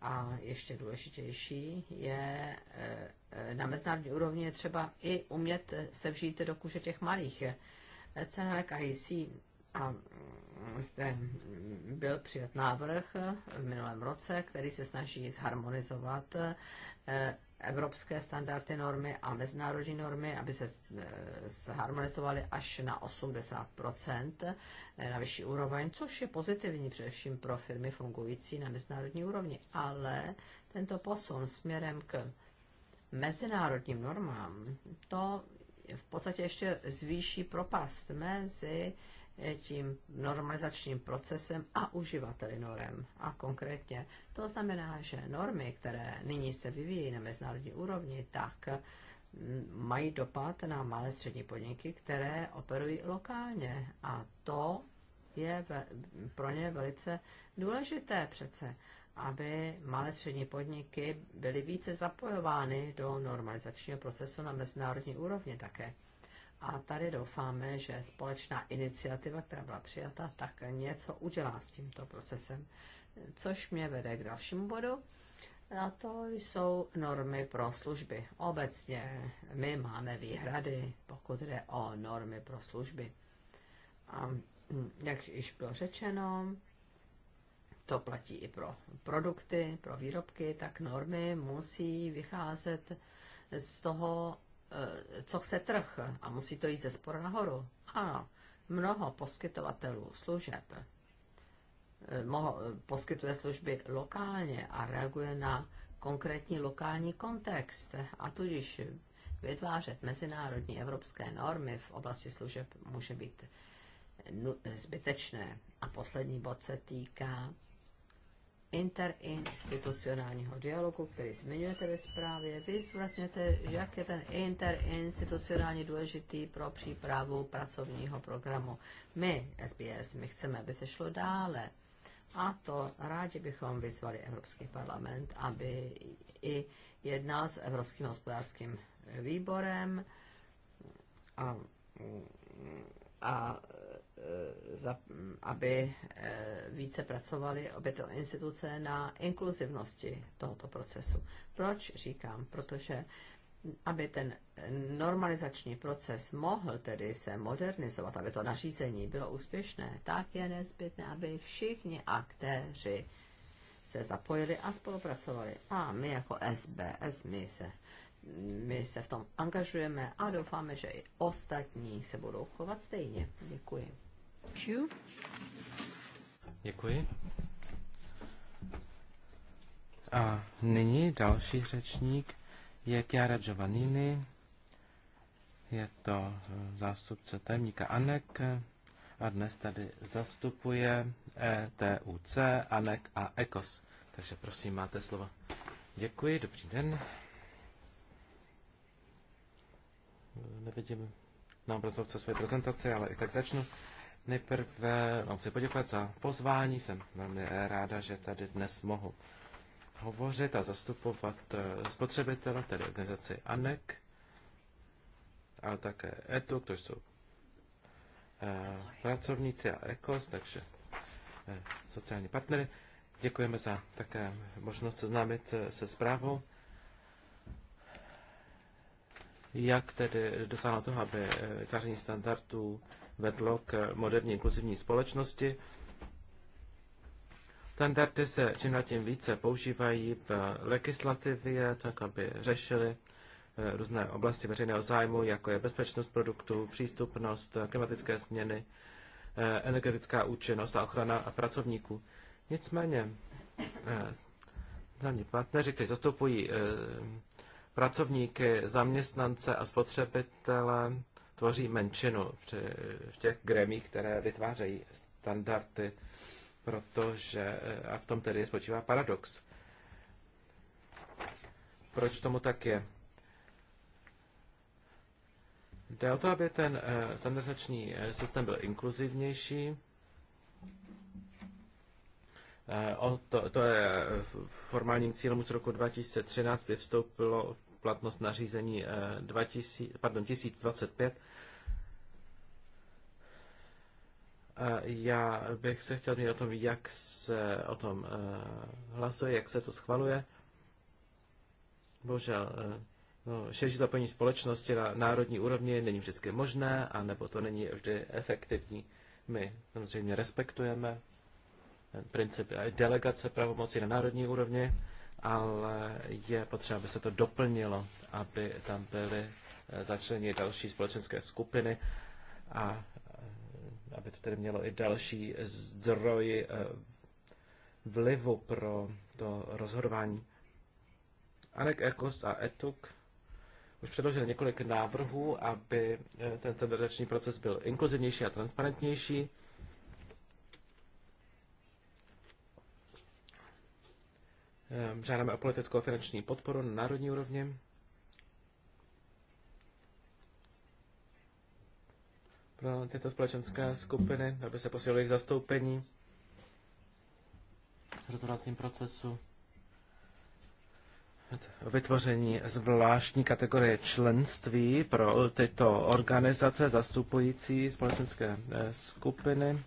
a ještě důležitější je e, Eh, na mezinárodní úrovni je třeba i umět eh, se vžít do kůže těch malých. Eh, CNLK IC a mm, zde mm, byl přijat návrh v minulém roce, který se snaží zharmonizovat evropské standardy normy a mezinárodní normy, aby se zharmonizovaly až na 80 na vyšší úroveň, což je pozitivní především pro firmy fungující na mezinárodní úrovni. Ale tento posun směrem k mezinárodním normám, to v podstatě ještě zvýší propast mezi tím normalizačním procesem a uživateli norem. A konkrétně to znamená, že normy, které nyní se vyvíjí na mezinárodní úrovni, tak mm, mají dopad na malé střední podniky, které operují lokálně. A to je pro ně velice důležité přece aby malé střední podniky byly více zapojovány do normalizačního procesu na mezinárodní úrovni také. A tady doufáme, že společná iniciativa, která byla přijata, tak něco udělá s tímto procesem. Což mě vede k dalšímu bodu. A to jsou normy pro služby. Obecně my máme výhrady, pokud jde o normy pro služby. A jak již bylo řečeno, to platí i pro produkty, pro výrobky, tak normy musí vycházet z toho, eh, co chce trh a musí to jít ze spora nahoru. Ano, mnoho poskytovatelů služeb eh, mnoho, poskytuje služby lokálně a reaguje na konkrétní lokální kontext a tudíž vytvářet mezinárodní evropské normy v oblasti služeb může být zbytečné. A poslední bod se týká interinstitucionálního dialogu, který zmiňujete ve zprávě. Vy zdůrazňujete, jak je ten interinstitucionální důležitý pro přípravu pracovního programu. My, SBS, my chceme, aby se šlo dále. A to rádi bychom vyzvali Evropský parlament, aby i jednal s Evropským hospodářským výborem a, a Eh, aby eh, více pracovali obě instituce na inkluzivnosti tohoto procesu. Proč říkám? Protože aby ten normalizační proces mohl tedy se modernizovat, aby to nařízení bylo úspěšné, tak je nezbytné, aby všichni aktéři se zapojili a spolupracovali. A my jako SBS, my se my se v tom angažujeme a doufáme, že i ostatní se budou chovat stejně. Děkuji. Děkuji. A nyní další řečník je Chiara Giovannini. Je to eh, zástupce tajemníka Anek a dnes tady zastupuje ETUC, Anek a ECOS. Takže prosím, máte slovo. Děkuji, dobrý den. nevidím na obrazovce své prezentaci, ale i tak začnu. Nejprve vám chci poděkovat za pozvání. Jsem velmi ráda, že tady dnes mohu hovořit a zastupovat eh, spotřebitele, tedy organizaci ANEK, ale také ETU, kteří jsou eh, pracovníci a ECOS, takže eh, sociální partnery. Děkujeme za také možnost seznámit se zprávou jak tedy dosáhnout toho, aby eh, vytváření standardů vedlo k moderní inkluzivní společnosti. Standardy se čím dál tím více používají v legislativě, tak aby řešili eh, různé oblasti veřejného zájmu, jako je bezpečnost produktů, přístupnost, klimatické změny, eh, energetická účinnost a ochrana pracovníků. Nicméně, hlavní partneři, kteří zastupují pracovníky, zaměstnance a spotřebitele tvoří menšinu při, v těch gremích, které vytvářejí standardy, protože, eh, a v tom tedy spočívá paradox. Proč tomu tak je? Jde o to, aby ten eh, standardizační eh, systém byl inkluzivnější, Eh, o to, to je eh, formálním cílem z roku 2013, kdy vstoupilo platnost nařízení 2000, eh, pardon, 1025. Já bych se chtěl mít o tom, jak se o tom hlasuje, jak se to schvaluje. Bohužel, no, širší zapojení společnosti na národní úrovni není vždycky možné, anebo to není vždy efektivní. My samozřejmě respektujeme princip delegace pravomocí na národní úrovni, ale je potřeba, aby se to doplnilo, aby tam byly eh, začleněny další společenské skupiny a eh, aby to tedy mělo i další zdroj eh, vlivu pro to rozhodování. Anek Ekos a Etuk už předložili několik návrhů, aby ten standardační proces byl inkluzivnější a transparentnější. Ehm, žádáme o politickou a finanční podporu na národní úrovni. Pro tyto společenské skupiny, aby se posílili jejich zastoupení v rozhodovacím procesu. Vytvoření zvláštní kategorie členství pro tyto organizace zastupující společenské eh, skupiny.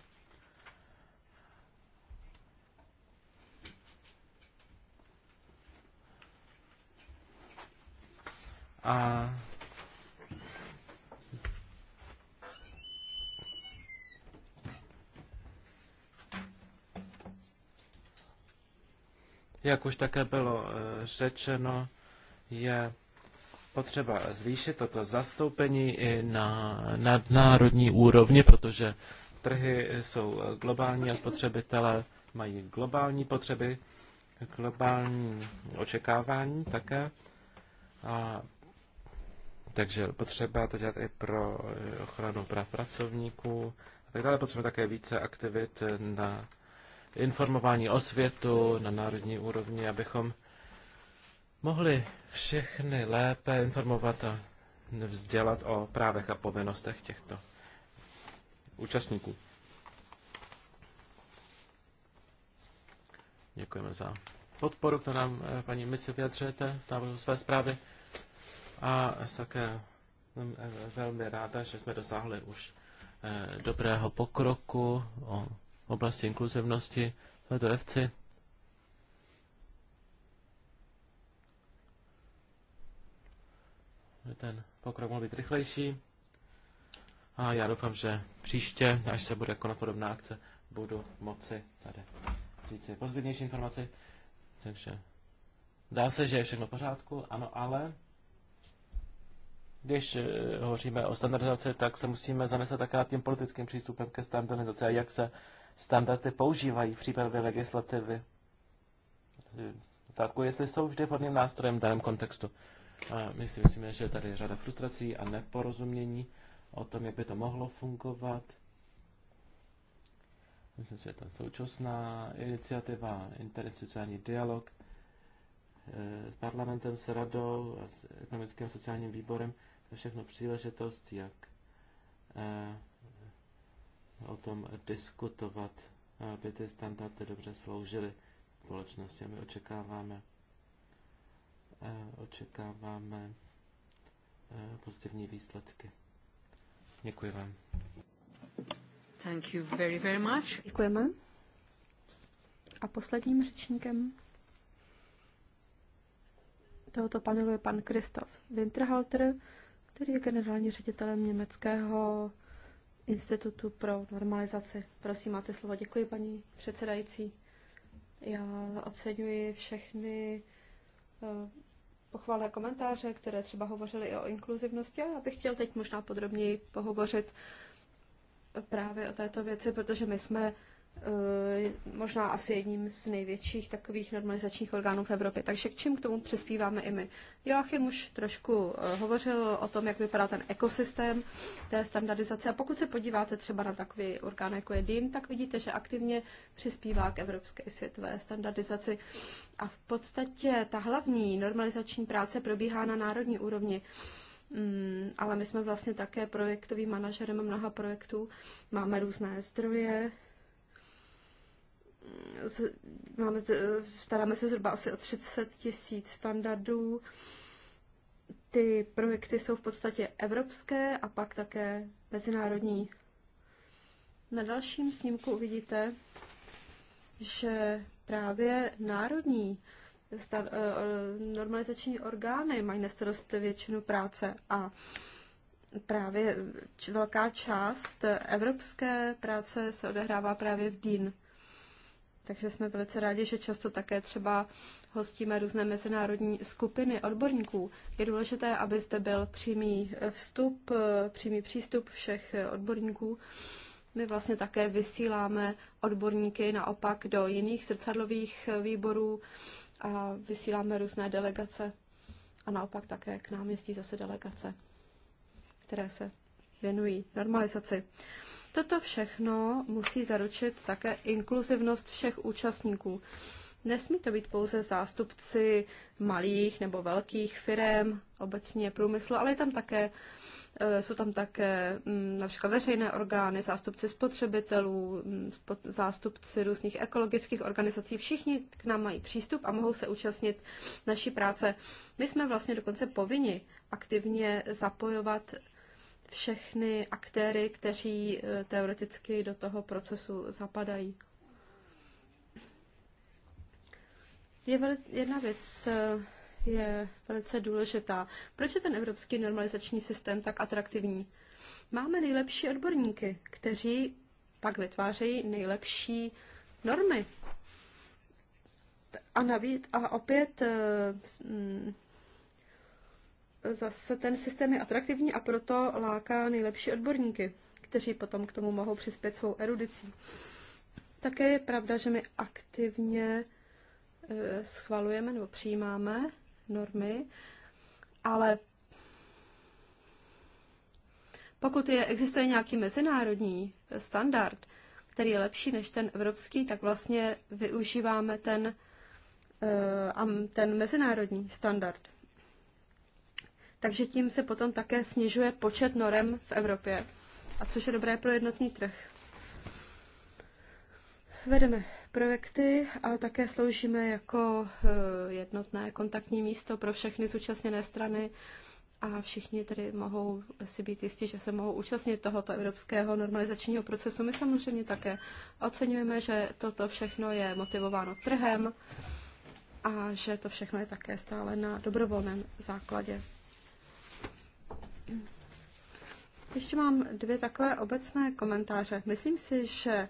A jak už také bylo eh, řečeno, je potřeba zvýšit toto zastoupení i na nadnárodní úrovni, protože trhy jsou globální a spotřebitelé mají globální potřeby, globální očekávání také. A takže potřeba to dělat i pro eh, ochranu práv pracovníků a tak dále. Potřebujeme také více aktivit eh, na informování o světu na národní úrovni, abychom mohli všechny lépe informovat a vzdělat o právech a povinnostech těchto účastníků. Děkujeme za podporu, kterou nám eh, paní Mice vyjadřujete v své zprávy. A také jsem eh, velmi ráda, že jsme dosáhli už eh, dobrého pokroku o oblasti inkluzivnosti v FC. Ten pokrok mohl být rychlejší. A já doufám, že příště, až se bude konat podobná akce, budu moci tady říci pozitivnější informaci. Takže dá se, že je všechno v pořádku, ano, ale když eh, hovoříme o standardizaci, tak se musíme zamyslet také nad tím politickým přístupem ke standardizaci a jak se standardy používají v případě legislativy. Otázku, jestli jsou vždy vhodným nástrojem v daném kontextu. A my si myslíme, že tady je řada frustrací a neporozumění o tom, jak by to mohlo fungovat. Myslím si, že ta současná iniciativa, interinstitucionální dialog, s parlamentem, s radou a s ekonomickým a sociálním výborem. To všechno příležitost, jak eh, o tom diskutovat, aby ty standardy dobře sloužily společnosti. A my očekáváme, eh, očekáváme eh, pozitivní výsledky. Děkuji vám. Thank you very, very much. Děkujeme. A posledním řečníkem tohoto panelu je pan Kristof Winterhalter, který je generální ředitelem Německého institutu pro normalizaci. Prosím, máte slovo. Děkuji, paní předsedající. Já oceňuji všechny eh, pochvalné komentáře, které třeba hovořily i o inkluzivnosti. Já bych chtěl teď možná podrobněji pohovořit právě o této věci, protože my jsme Eh, možná asi jedním z největších takových normalizačních orgánů v Evropě. Takže k čím k tomu přispíváme i my? Joachim už trošku eh, hovořil o tom, jak vypadá ten ekosystém té standardizace. A pokud se podíváte třeba na takový orgán, jako je DIM, tak vidíte, že aktivně přispívá k evropské světové standardizaci. A v podstatě ta hlavní normalizační práce probíhá na národní úrovni. Mm, ale my jsme vlastně také projektovým manažerem mnoha projektů. Máme různé zdroje, máme, staráme se zhruba asi o 30 tisíc standardů. Ty projekty jsou v podstatě evropské a pak také mezinárodní. Na dalším snímku uvidíte, že právě národní stan- eh, eh, normalizační orgány mají na starost většinu práce a právě velká část evropské práce se odehrává právě v DIN. Takže jsme velice rádi, že často také třeba hostíme různé mezinárodní skupiny odborníků. Je důležité, aby zde byl přímý vstup, eh, přímý přístup všech eh, odborníků. My vlastně také vysíláme odborníky naopak do jiných zrcadlových eh, výborů a vysíláme různé delegace. A naopak také k nám jezdí zase delegace, které se věnují normalizaci. Toto všechno musí zaručit také inkluzivnost všech účastníků. Nesmí to být pouze zástupci malých nebo velkých firm, obecně průmyslu, ale je tam také, eh, jsou tam také mm, například veřejné orgány, zástupci spotřebitelů, mm, zástupci různých ekologických organizací. Všichni k nám mají přístup a mohou se účastnit naší práce. My jsme vlastně dokonce povinni aktivně zapojovat všechny aktéry, kteří eh, teoreticky do toho procesu zapadají. Je vel, jedna věc eh, je velice důležitá. Proč je ten evropský normalizační systém tak atraktivní? Máme nejlepší odborníky, kteří pak vytvářejí nejlepší normy. A navíc, a opět eh, mm, zase ten systém je atraktivní a proto láká nejlepší odborníky, kteří potom k tomu mohou přispět svou erudicí. Také je pravda, že my aktivně eh, schvalujeme nebo přijímáme normy, ale pokud je, existuje nějaký mezinárodní standard, který je lepší než ten evropský, tak vlastně využíváme ten, eh, ten mezinárodní standard takže tím se potom také snižuje počet norem v Evropě, a což je dobré pro jednotný trh. Vedeme projekty a také sloužíme jako eh, jednotné kontaktní místo pro všechny zúčastněné strany a všichni tedy mohou si být jistí, že se mohou účastnit tohoto evropského normalizačního procesu. My samozřejmě také oceňujeme, že toto všechno je motivováno trhem a že to všechno je také stále na dobrovolném základě. Ještě mám dvě takové obecné komentáře. Myslím si, že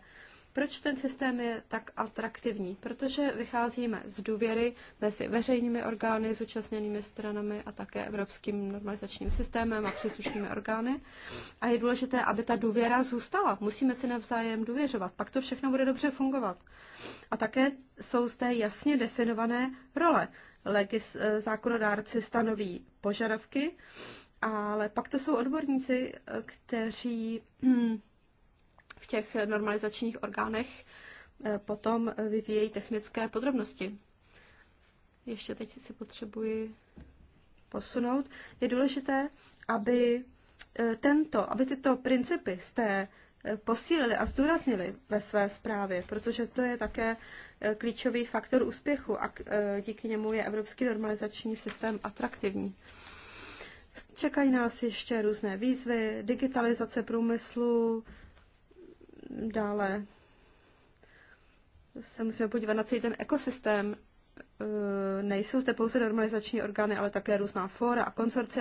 proč ten systém je tak atraktivní? Protože vycházíme z důvěry mezi veřejnými orgány, zúčastněnými stranami a také evropským normalizačním systémem a příslušnými orgány. A je důležité, aby ta důvěra zůstala. Musíme si navzájem důvěřovat, pak to všechno bude dobře fungovat. A také jsou zde jasně definované role. Legis, eh, zákonodárci stanoví požadavky, ale pak to jsou odborníci, kteří hm, v těch normalizačních orgánech eh, potom vyvíjejí technické podrobnosti. Ještě teď si potřebuji posunout. Je důležité, aby eh, tento, aby tyto principy jste eh, posílili a zdůraznili ve své zprávě, protože to je také klíčový faktor úspěchu a díky němu je evropský normalizační systém atraktivní. Čekají nás ještě různé výzvy, digitalizace průmyslu, dále se musíme podívat na celý ten ekosystém. E, nejsou zde pouze normalizační orgány, ale také různá fóra a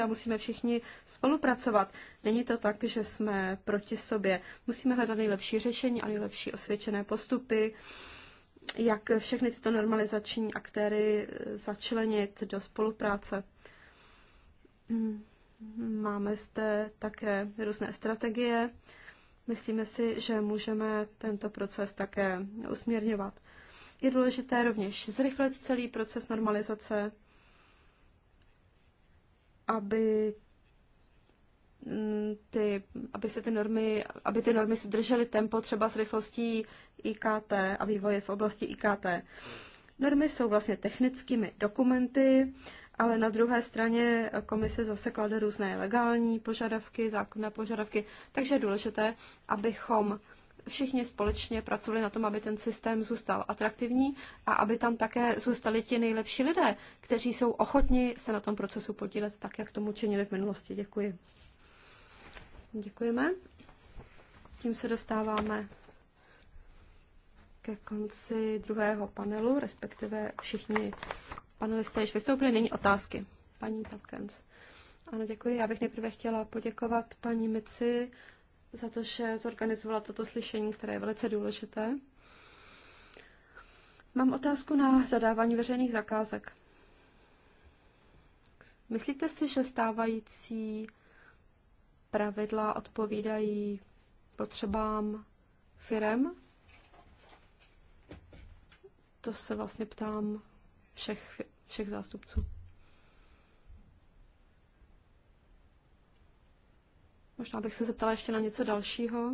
a Musíme všichni spolupracovat. Není to tak, že jsme proti sobě. Musíme hledat nejlepší řešení a nejlepší osvědčené postupy, jak všechny tyto normalizační aktéry začlenit do spolupráce. Máme zde také různé strategie. Myslíme si, že můžeme tento proces také usměrňovat. Je důležité rovněž zrychlit celý proces normalizace, aby mm, ty, aby se ty normy, aby ty normy si držely tempo třeba s rychlostí IKT a vývoje v oblasti IKT. Normy jsou vlastně technickými dokumenty ale na druhé straně komise zase klade různé legální požadavky, zákonné požadavky, takže je důležité, abychom všichni společně pracovali na tom, aby ten systém zůstal atraktivní a aby tam také zůstali ti nejlepší lidé, kteří jsou ochotni se na tom procesu podílet tak, jak tomu činili v minulosti. Děkuji. Děkujeme. Tím se dostáváme ke konci druhého panelu, respektive všichni panelisté již vystoupili, není otázky. Paní Tapkens. Ano, děkuji. Já bych nejprve chtěla poděkovat paní Mici za to, že zorganizovala toto slyšení, které je velice důležité. Mám otázku na zadávání veřejných zakázek. Myslíte si, že stávající pravidla odpovídají potřebám firem? To se vlastně ptám všech, všech zástupců. Možná bych se zeptala ještě na něco dalšího.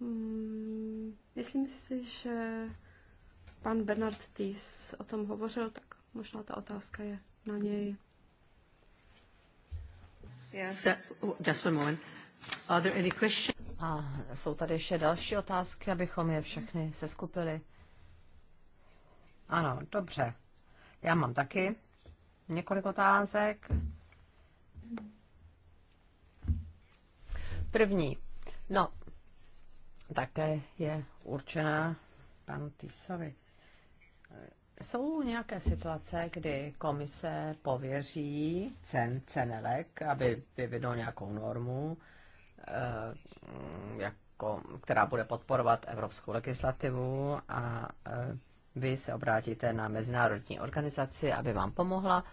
Hmm, myslím si, že pan Bernard Tis o tom hovořil, tak možná ta otázka je na něj. So, oh, Just one moment. Are there any questions? A jsou tady ještě další otázky, abychom je všechny seskupili. Ano, dobře. Já mám taky několik otázek. První. No, také je určená panu Tisovi. Jsou nějaké situace, kdy komise pověří cen, cenelek, aby vyvinul nějakou normu Eh, jako, která bude podporovat evropskou legislativu a eh, vy se obrátíte na mezinárodní organizaci, aby vám pomohla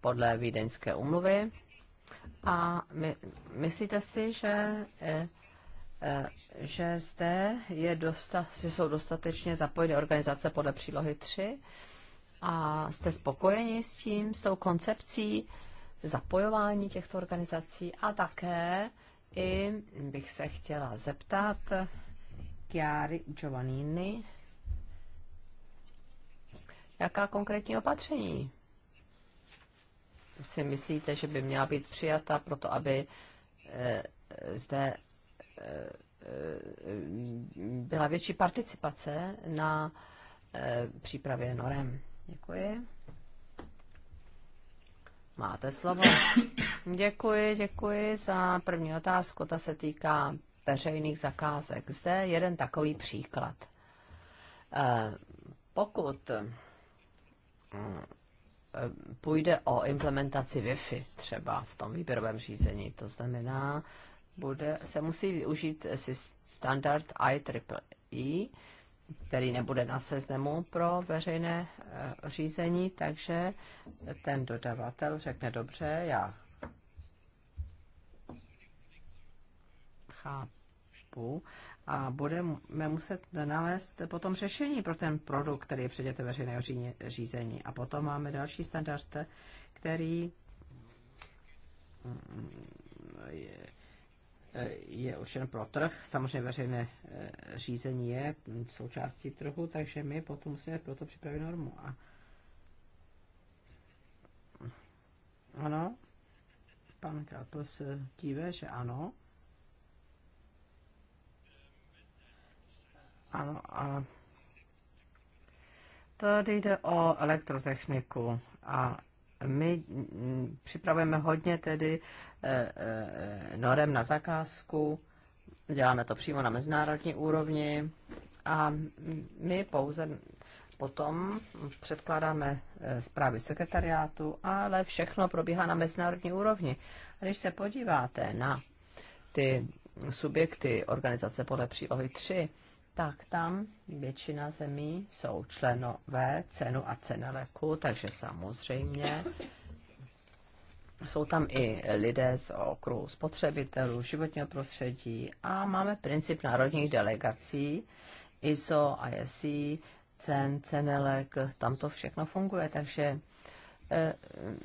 podle Vídeňské umluvy. A my, myslíte si, že, eh, že zde je dosta, jsou dostatečně zapojeny organizace podle přílohy 3? A jste spokojeni s tím, s tou koncepcí? zapojování těchto organizací a také i bych se chtěla zeptat Chiari Giovannini, jaká konkrétní opatření si myslíte, že by měla být přijata proto, aby eh, zde eh, eh, byla větší participace na přípravě norem. Děkuji. Máte slovo. Děkuji, děkuji za první otázku. Ta se týká veřejných zakázek. Zde jeden takový příklad. Eh, pokud eh, půjde o implementaci Wi-Fi třeba v tom výběrovém řízení, to znamená, bude, se musí využít standard IEEE, který nebude na seznamu pro veřejné eh, řízení, takže ten dodavatel řekne dobře, já chápu a budeme muset nalézt potom řešení pro ten produkt, který je předmětem veřejného řízení. A potom máme další standard, který mm, je Eh, je určen pro trh. Samozřejmě veřejné eh, řízení je součástí trhu, takže my potom musíme proto připravit normu. A ano, pan Krapl se díve, že ano. Ano, a tady jde o elektrotechniku a my mm, připravujeme hodně tedy eh, eh, norem na zakázku, děláme to přímo na mezinárodní úrovni a my pouze potom předkládáme eh, zprávy sekretariátu, ale všechno probíhá na mezinárodní úrovni. A když se podíváte na ty subjekty organizace podle přílohy 3, tak tam většina zemí jsou členové cenu a ceneleku, takže samozřejmě jsou tam i lidé z okruhu spotřebitelů, životního prostředí a máme princip národních delegací, ISO, ISI, cen, cenelek, tam to všechno funguje, takže eh,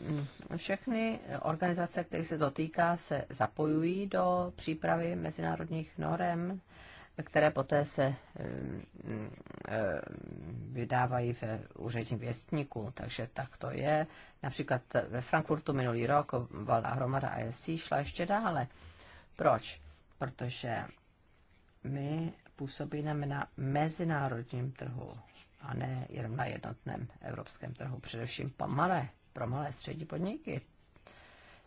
mm, všechny organizace, které se dotýká, se zapojují do přípravy mezinárodních norem, které poté se eh, eh, vydávají ve úředním věstníku. Takže tak to je. Například ve Frankfurtu minulý rok valná hromada ASC šla ještě dále. Proč? Protože my působíme na mezinárodním trhu a ne jenom na jednotném evropském trhu, především pro malé, pro malé střední podniky.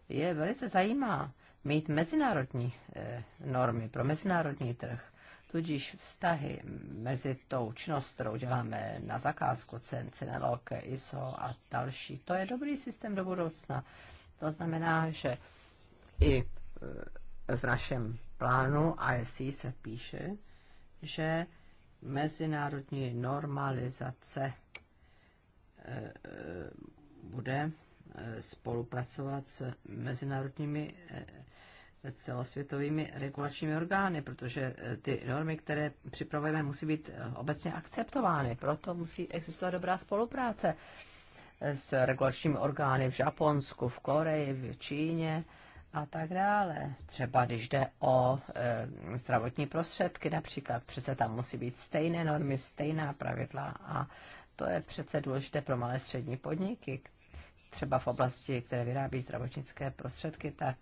Je velice zajímá mít mezinárodní eh, normy pro mezinárodní trh. Tudíž vztahy mezi tou činností, kterou děláme na zakázku cen, cenelok, ISO a další, to je dobrý systém do budoucna. To znamená, že i e, v našem plánu ISI se píše, že mezinárodní normalizace e, e, bude spolupracovat s mezinárodními celosvětovými regulačními orgány, protože eh, ty normy, které připravujeme, musí být eh, obecně akceptovány. Proto musí existovat dobrá spolupráce eh, s regulačními orgány v Japonsku, v Koreji, v Číně a tak dále. Třeba když jde o e, zdravotní prostředky například, přece tam musí být stejné normy, stejná pravidla a to je přece důležité pro malé střední podniky, třeba v oblasti, které vyrábí zdravotnické prostředky, tak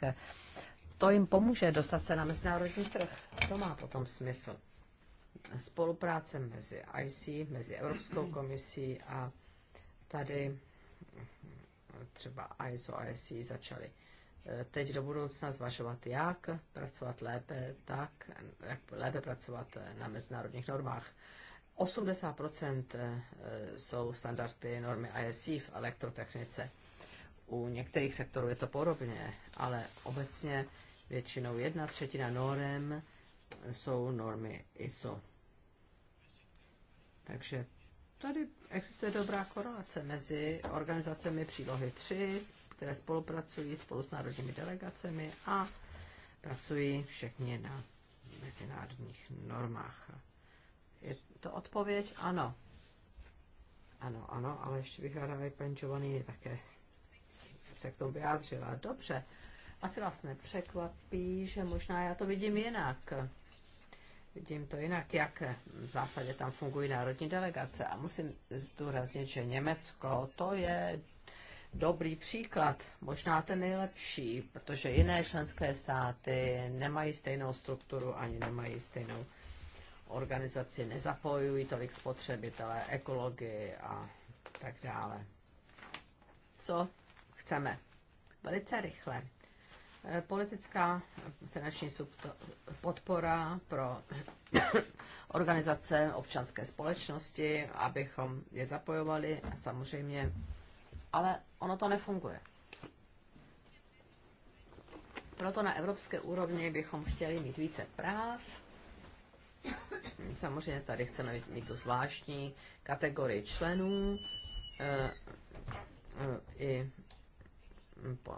to jim pomůže dostat se na mezinárodní trh. To má potom smysl. Spolupráce mezi IC, mezi Evropskou komisí a tady třeba ISO a IC začaly eh, teď do budoucna zvažovat, jak pracovat lépe, tak, jak lépe pracovat eh, na mezinárodních normách. 80% eh, jsou standardy normy ISC v elektrotechnice. U některých sektorů je to podobně, ale obecně většinou jedna třetina norem jsou normy ISO. Takže tady existuje dobrá korelace mezi organizacemi přílohy 3, které spolupracují spolu s národními delegacemi a pracují všechny na mezinárodních normách. Je to odpověď? Ano. Ano, ano, ale ještě bych ráda, aby paní Giovanni také se k tomu vyjádřila. Dobře, asi vás nepřekvapí, že možná já to vidím jinak. Vidím to jinak, jak v zásadě tam fungují národní delegace. A musím zdůraznit, že Německo to je dobrý příklad, možná ten nejlepší, protože jiné členské státy nemají stejnou strukturu ani nemají stejnou organizaci, nezapojují tolik spotřebitele, ekology a tak dále. Co chceme? Velice rychle Eh, politická finanční podpora pro organizace občanské společnosti, abychom je zapojovali, samozřejmě, ale ono to nefunguje. Proto na evropské úrovni bychom chtěli mít více práv. Samozřejmě tady chceme mít tu zvláštní kategorii členů e, e, i po,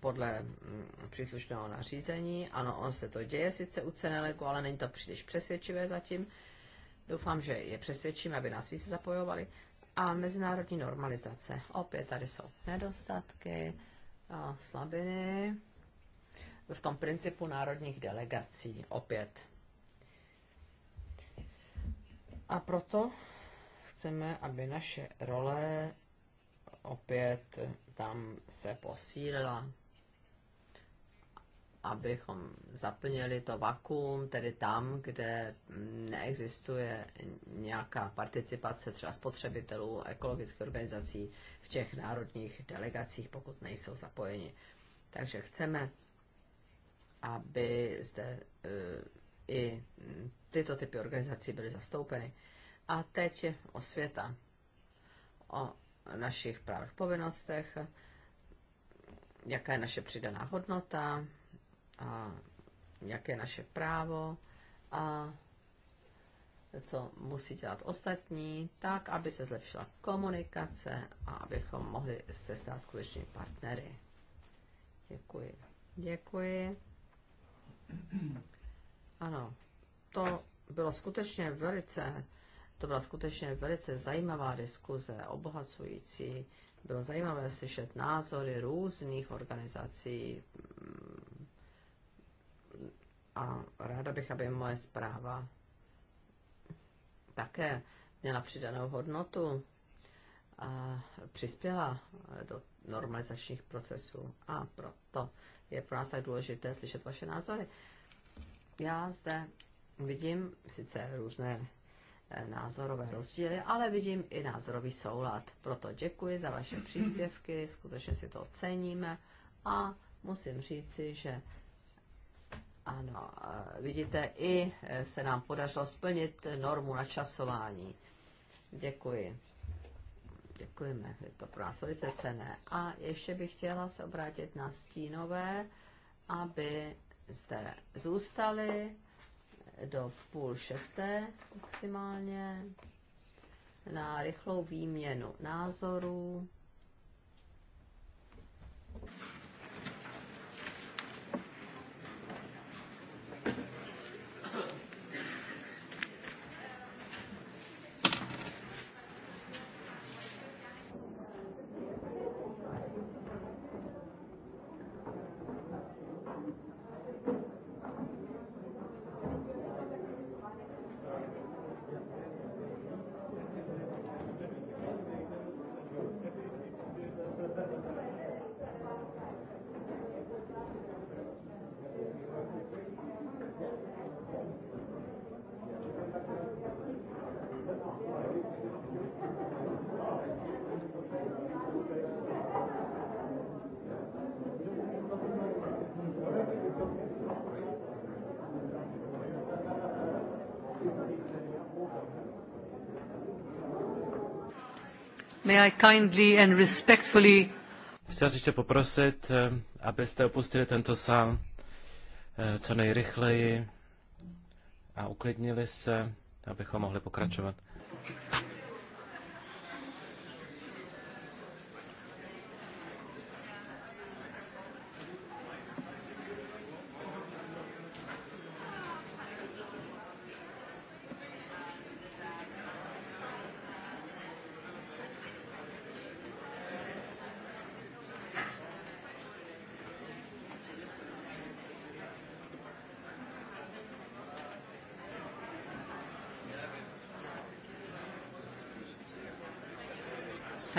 podle příslušného nařízení. Ano, on se to děje sice u Ceneleku, ale není to příliš přesvědčivé zatím. Doufám, že je přesvědčím, aby nás více zapojovali. A mezinárodní normalizace. Opět tady jsou nedostatky a slabiny v tom principu národních delegací. Opět. A proto chceme, aby naše role opět tam se posílila, abychom zaplnili to vakuum, tedy tam, kde neexistuje nějaká participace třeba spotřebitelů, ekologických organizací v těch národních delegacích, pokud nejsou zapojeni. Takže chceme, aby zde eh, i tyto typy organizací byly zastoupeny. A teď osvěta. O našich právech povinnostech, jaká je naše přidaná hodnota, a jaké je naše právo a co musí dělat ostatní, tak, aby se zlepšila komunikace a abychom mohli se stát skutečnými partnery. Děkuji. Děkuji. Ano, to bylo skutečně velice to byla skutečně velice zajímavá diskuze, obohacující. Bylo zajímavé slyšet názory různých organizací a ráda bych, aby moje zpráva také měla přidanou hodnotu a přispěla do normalizačních procesů. A proto je pro nás tak důležité slyšet vaše názory. Já zde vidím sice různé názorové rozdíly, ale vidím i názorový soulad. Proto děkuji za vaše příspěvky, skutečně si to oceníme a musím říci, že ano, vidíte, i e, se nám podařilo splnit normu na časování. Děkuji. Děkujeme, je to pro nás velice cené. A ještě bych chtěla se obrátit na stínové, aby zde zůstali do půl šesté maximálně na rychlou výměnu názorů. Chtěl I vás ještě poprosit, eh, abyste opustili tento sál eh, co nejrychleji a uklidnili se, abychom mohli pokračovat.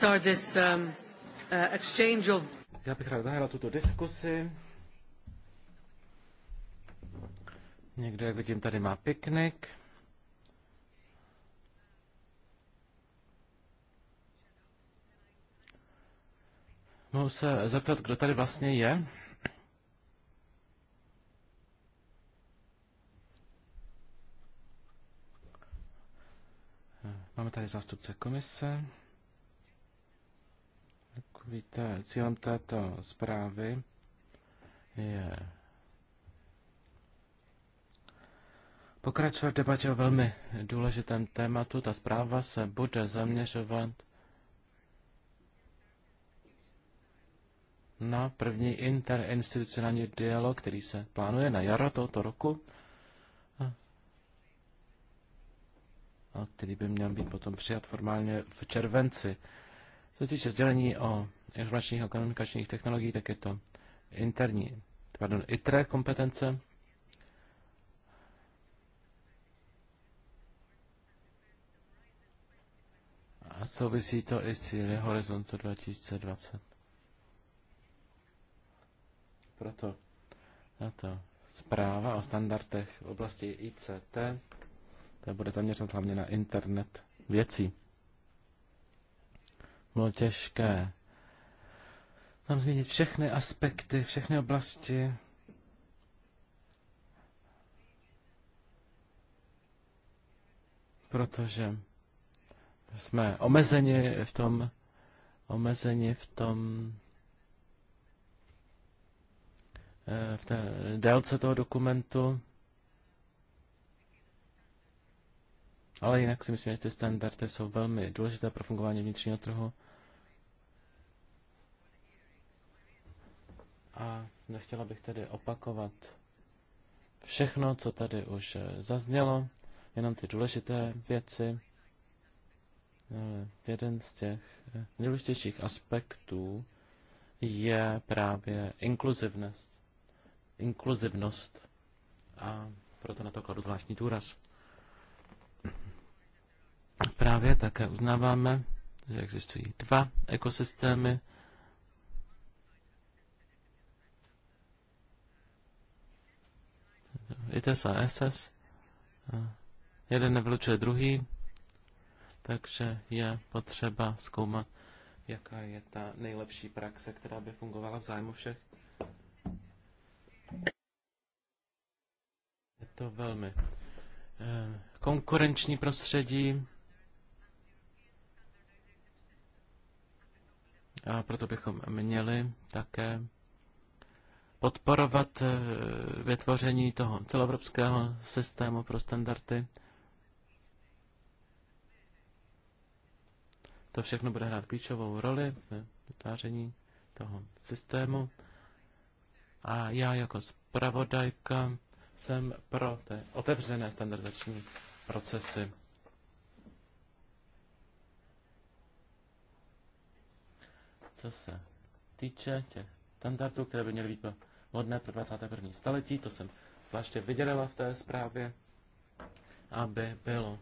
start this um, uh, exchange of... Já bych rád zahájila tuto diskusi. Někdo, jak vidím, tady má piknik. Mohu se zeptat, kdo tady vlastně je? Máme tady zástupce komise. Víte, cílem této zprávy je pokračovat v debatě o velmi důležitém tématu. Ta zpráva se bude zaměřovat na první interinstitucionální dialog, který se plánuje na jaro tohoto roku a který by měl být potom přijat formálně v červenci. Co se týče sdělení o informačních a komunikačních technologií, tak je to interní, pardon, ITRE kompetence. A souvisí to i s cíly Horizontu 2020. Proto na to zpráva o standardech v oblasti ICT, to bude zaměřeno hlavně na internet věcí. Bylo těžké tam změnit všechny aspekty, všechny oblasti. Protože jsme omezeni v tom, omezeni v tom, eh, v té délce toho dokumentu. Ale jinak si myslím, že ty standardy jsou velmi důležité pro fungování vnitřního trhu. a nechtěla bych tedy opakovat všechno, co tady už eh, zaznělo, jenom ty důležité věci. Eh, jeden z těch eh, nejdůležitějších aspektů je právě inkluzivnost. Inkluzivnost. A proto na to kladu zvláštní důraz. Právě také uznáváme, že existují dva ekosystémy ITS a SS. Jeden nevylučuje druhý, takže je potřeba zkoumat, jaká je ta nejlepší praxe, která by fungovala v zájmu všech. Je to velmi eh, konkurenční prostředí. A proto bychom měli také podporovat eh, vytvoření toho celoevropského systému pro standardy. To všechno bude hrát klíčovou roli v vytváření toho systému. A já jako zpravodajka jsem pro ty otevřené standardizační procesy. Co se týče těch standardů, které by měly být pro hodné pro 21. století, to jsem zvláště vydělala v té zprávě, aby bylo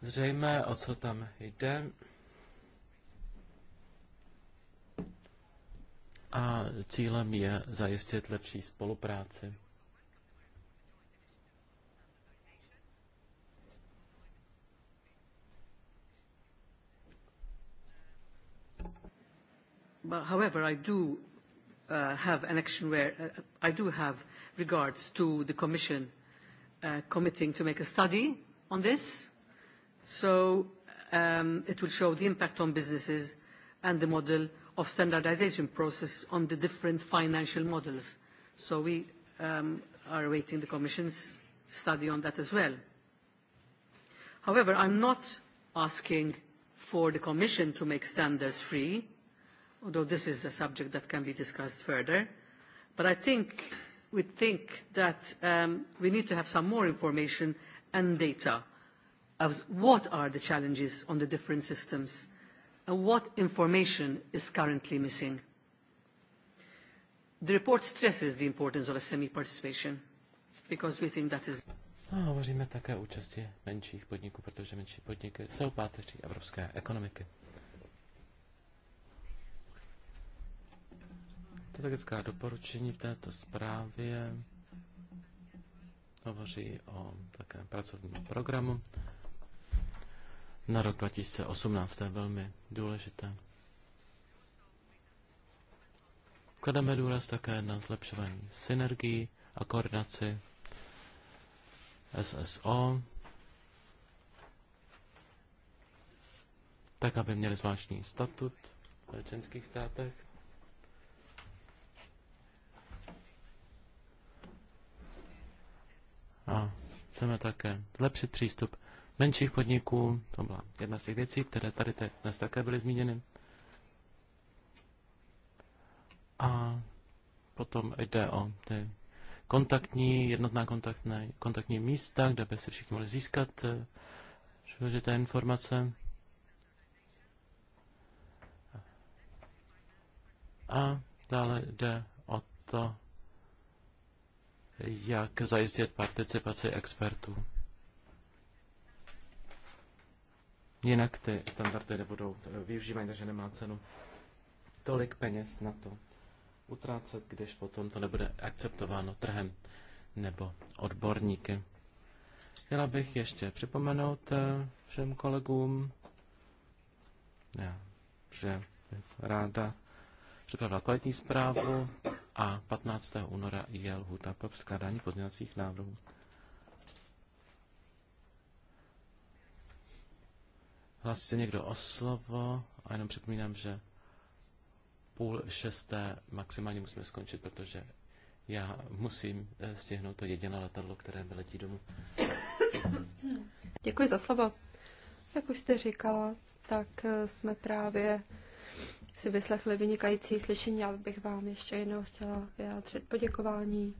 zřejmé, o co tam jde. A cílem je zajistit lepší spolupráci. But however, I do uh, have an action where uh, I do have regards to the Commission uh, committing to make a study on this. So um, it will show the impact on businesses and the model of standardization process on the different financial models. So we um, are awaiting the Commission's study on that as well. However, I'm not asking for the Commission to make standards free although this is a subject that can be discussed further. But I think we think that um, we need to have some more information and data of what are the challenges on the different systems and what information is currently missing. The report stresses the importance of SME participation because we think that is... A hovoříme také o účasti menších podniků, protože menší podniky jsou páteří evropské ekonomiky. Strategická doporučení v této zprávě hovoří o také pracovním programu na rok 2018. To je velmi důležité. Klademe důraz také na zlepšování synergií a koordinaci SSO, tak aby měli zvláštní statut v členských státech. Chceme také zlepšit přístup menších podniků. To byla jedna z těch věcí, které tady teď dnes také byly zmíněny. A potom jde o ty kontaktní, jednotná kontaktné, kontaktní místa, kde by si všichni mohli získat eh, důležité informace. A dále jde o to, jak zajistit participaci expertů. Jinak ty standardy nebudou eh, využívány, takže nemá cenu tolik peněz na to utrácet, když potom to nebude akceptováno trhem nebo odborníky. Chtěla bych ještě připomenout eh, všem kolegům, já, že ráda připravila kvalitní zprávu, a 15. února je lhuta pro předkládání pozměňovacích návrhů. Hlásí se někdo o slovo a jenom připomínám, že půl šesté maximálně musíme skončit, protože já musím eh, stihnout to jediné letadlo, které mi letí domů. Děkuji za slovo. Jak už jste říkala, tak eh, jsme právě si vyslechli vynikající slyšení. Já bych vám ještě jednou chtěla vyjádřit poděkování.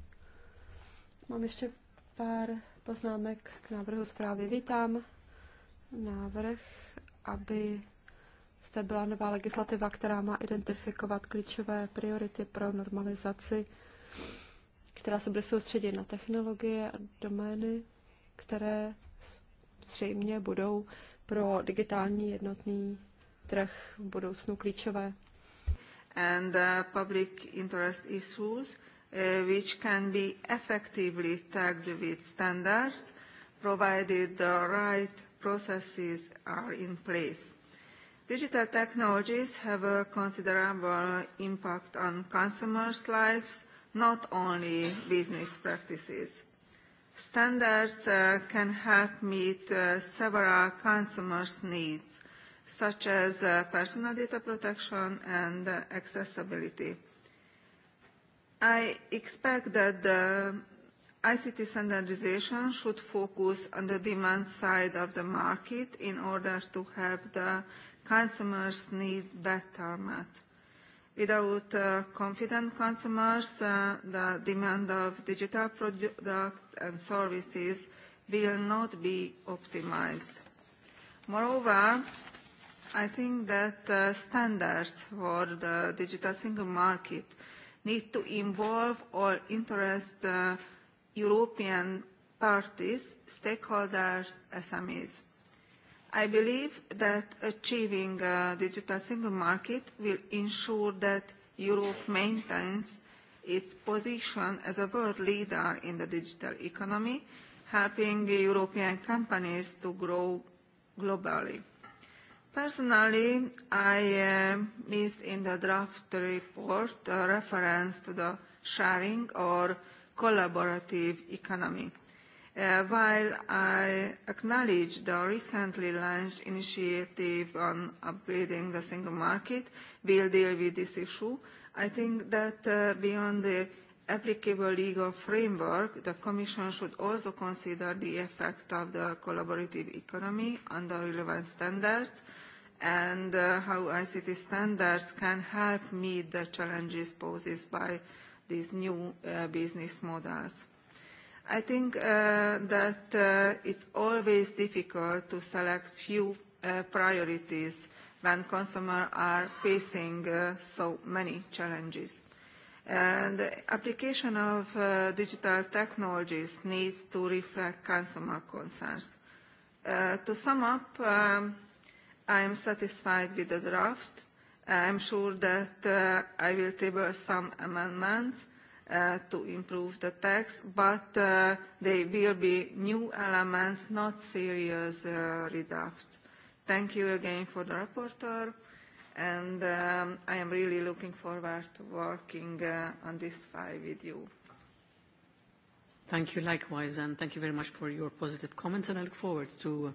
Mám ještě pár poznámek k návrhu zprávy. Vítám návrh, aby zde byla nová legislativa, která má identifikovat klíčové priority pro normalizaci, která se bude soustředit na technologie a domény, které zřejmě budou pro digitální jednotný trh v budoucnu klíčové. And uh, public interest issues uh, which can be effectively tagged with standards provided the right processes are in place. Digital technologies have a considerable impact on consumers' lives, not only business practices. Standards uh, can help meet uh, several consumers' needs such as uh, personal data protection and uh, accessibility. I expect that the ICT standardization should focus on the demand side of the market in order to have the consumers' need better met. Without uh, confident consumers, uh, the demand of digital products and services will not be optimized. Moreover, i think that uh, standards for the digital single market need to involve or interest uh, European parties, stakeholders, SMEs. I believe that achieving a digital single market will ensure that Europe maintains its position as a world leader in the digital economy, helping European companies to grow globally. Personally, I uh, missed in the draft report a reference to the sharing or collaborative economy. Uh, while I acknowledge the recently launched initiative on upgrading the single market will deal with this issue, I think that uh, beyond the applicable legal framework, the Commission should also consider the effect of the collaborative economy on the relevant standards and uh, how ICT standards can help meet the challenges posed by these new uh, business models. I think uh, that uh, it's always difficult to select few uh, priorities when consumers are facing uh, so many challenges. And the application of uh, digital technologies needs to reflect consumer concerns. Uh, to sum up, um, I am satisfied with the draft. I am sure that uh, I will table some amendments uh, to improve the text, but uh, they will be new elements, not serious uh, redrafts. Thank you again for the rapporteur and um, I am really looking forward to working uh, on this file with you. Thank you likewise, and thank you very much for your positive comments, and I look forward to, uh,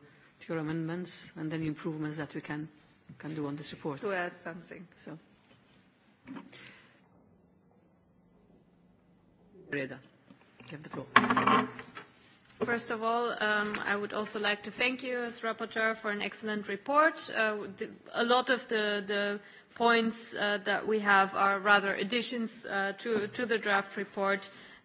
to your amendments and any improvements that we can, can do on this report. To add something. So. Reda, you have the floor. First of all, um, I would also like to thank you as rapporteur for an excellent report. Uh, the, a lot of the, the points uh, that we have are rather additions uh, to, to the draft report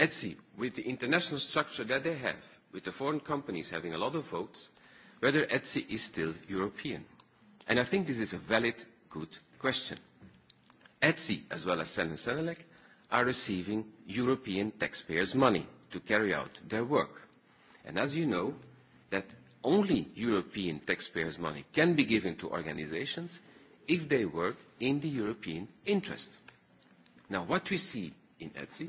Etsy, with the international structure that they have, with the foreign companies having a lot of votes, whether Etsy is still European. And I think this is a valid, good question. Etsy, as well as Sen and Senelec, are receiving European taxpayers' money to carry out their work. And as you know, that only European taxpayers' money can be given to organizations if they work in the European interest. Now, what we see in Etsy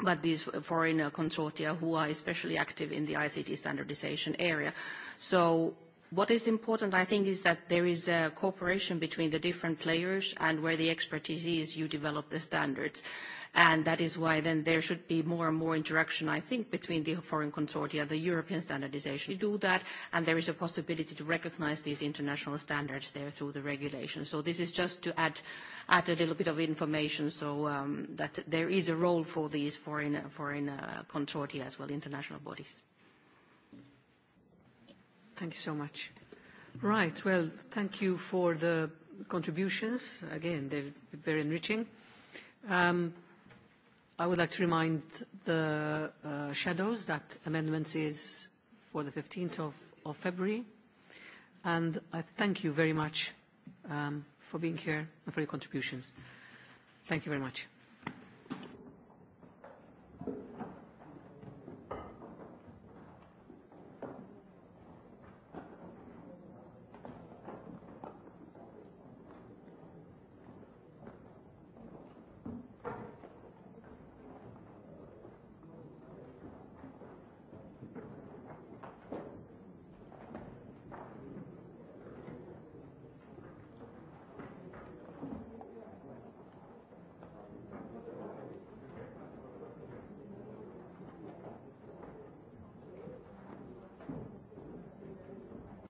but these foreign uh, consortia who are especially active in the ICT standardization area. So what is important, I think, is that there is a cooperation between the different players and where the expertise is, you develop the standards. And that is why then there should be more and more interaction, I think, between the foreign consortia, and the European standardization. You do that, and there is a possibility to recognize these international standards there through the regulation. So this is just to add add a little bit of information so um, that there is a role for these foreign, uh, consortia as well, international bodies. Thank you so much. Right. Well, thank you for the contributions. Again, they're very enriching. Um, I would like to remind the uh, shadows that amendments is for the 15th of, February. I thank you very much for um, for being here and for your contributions. Thank you very much.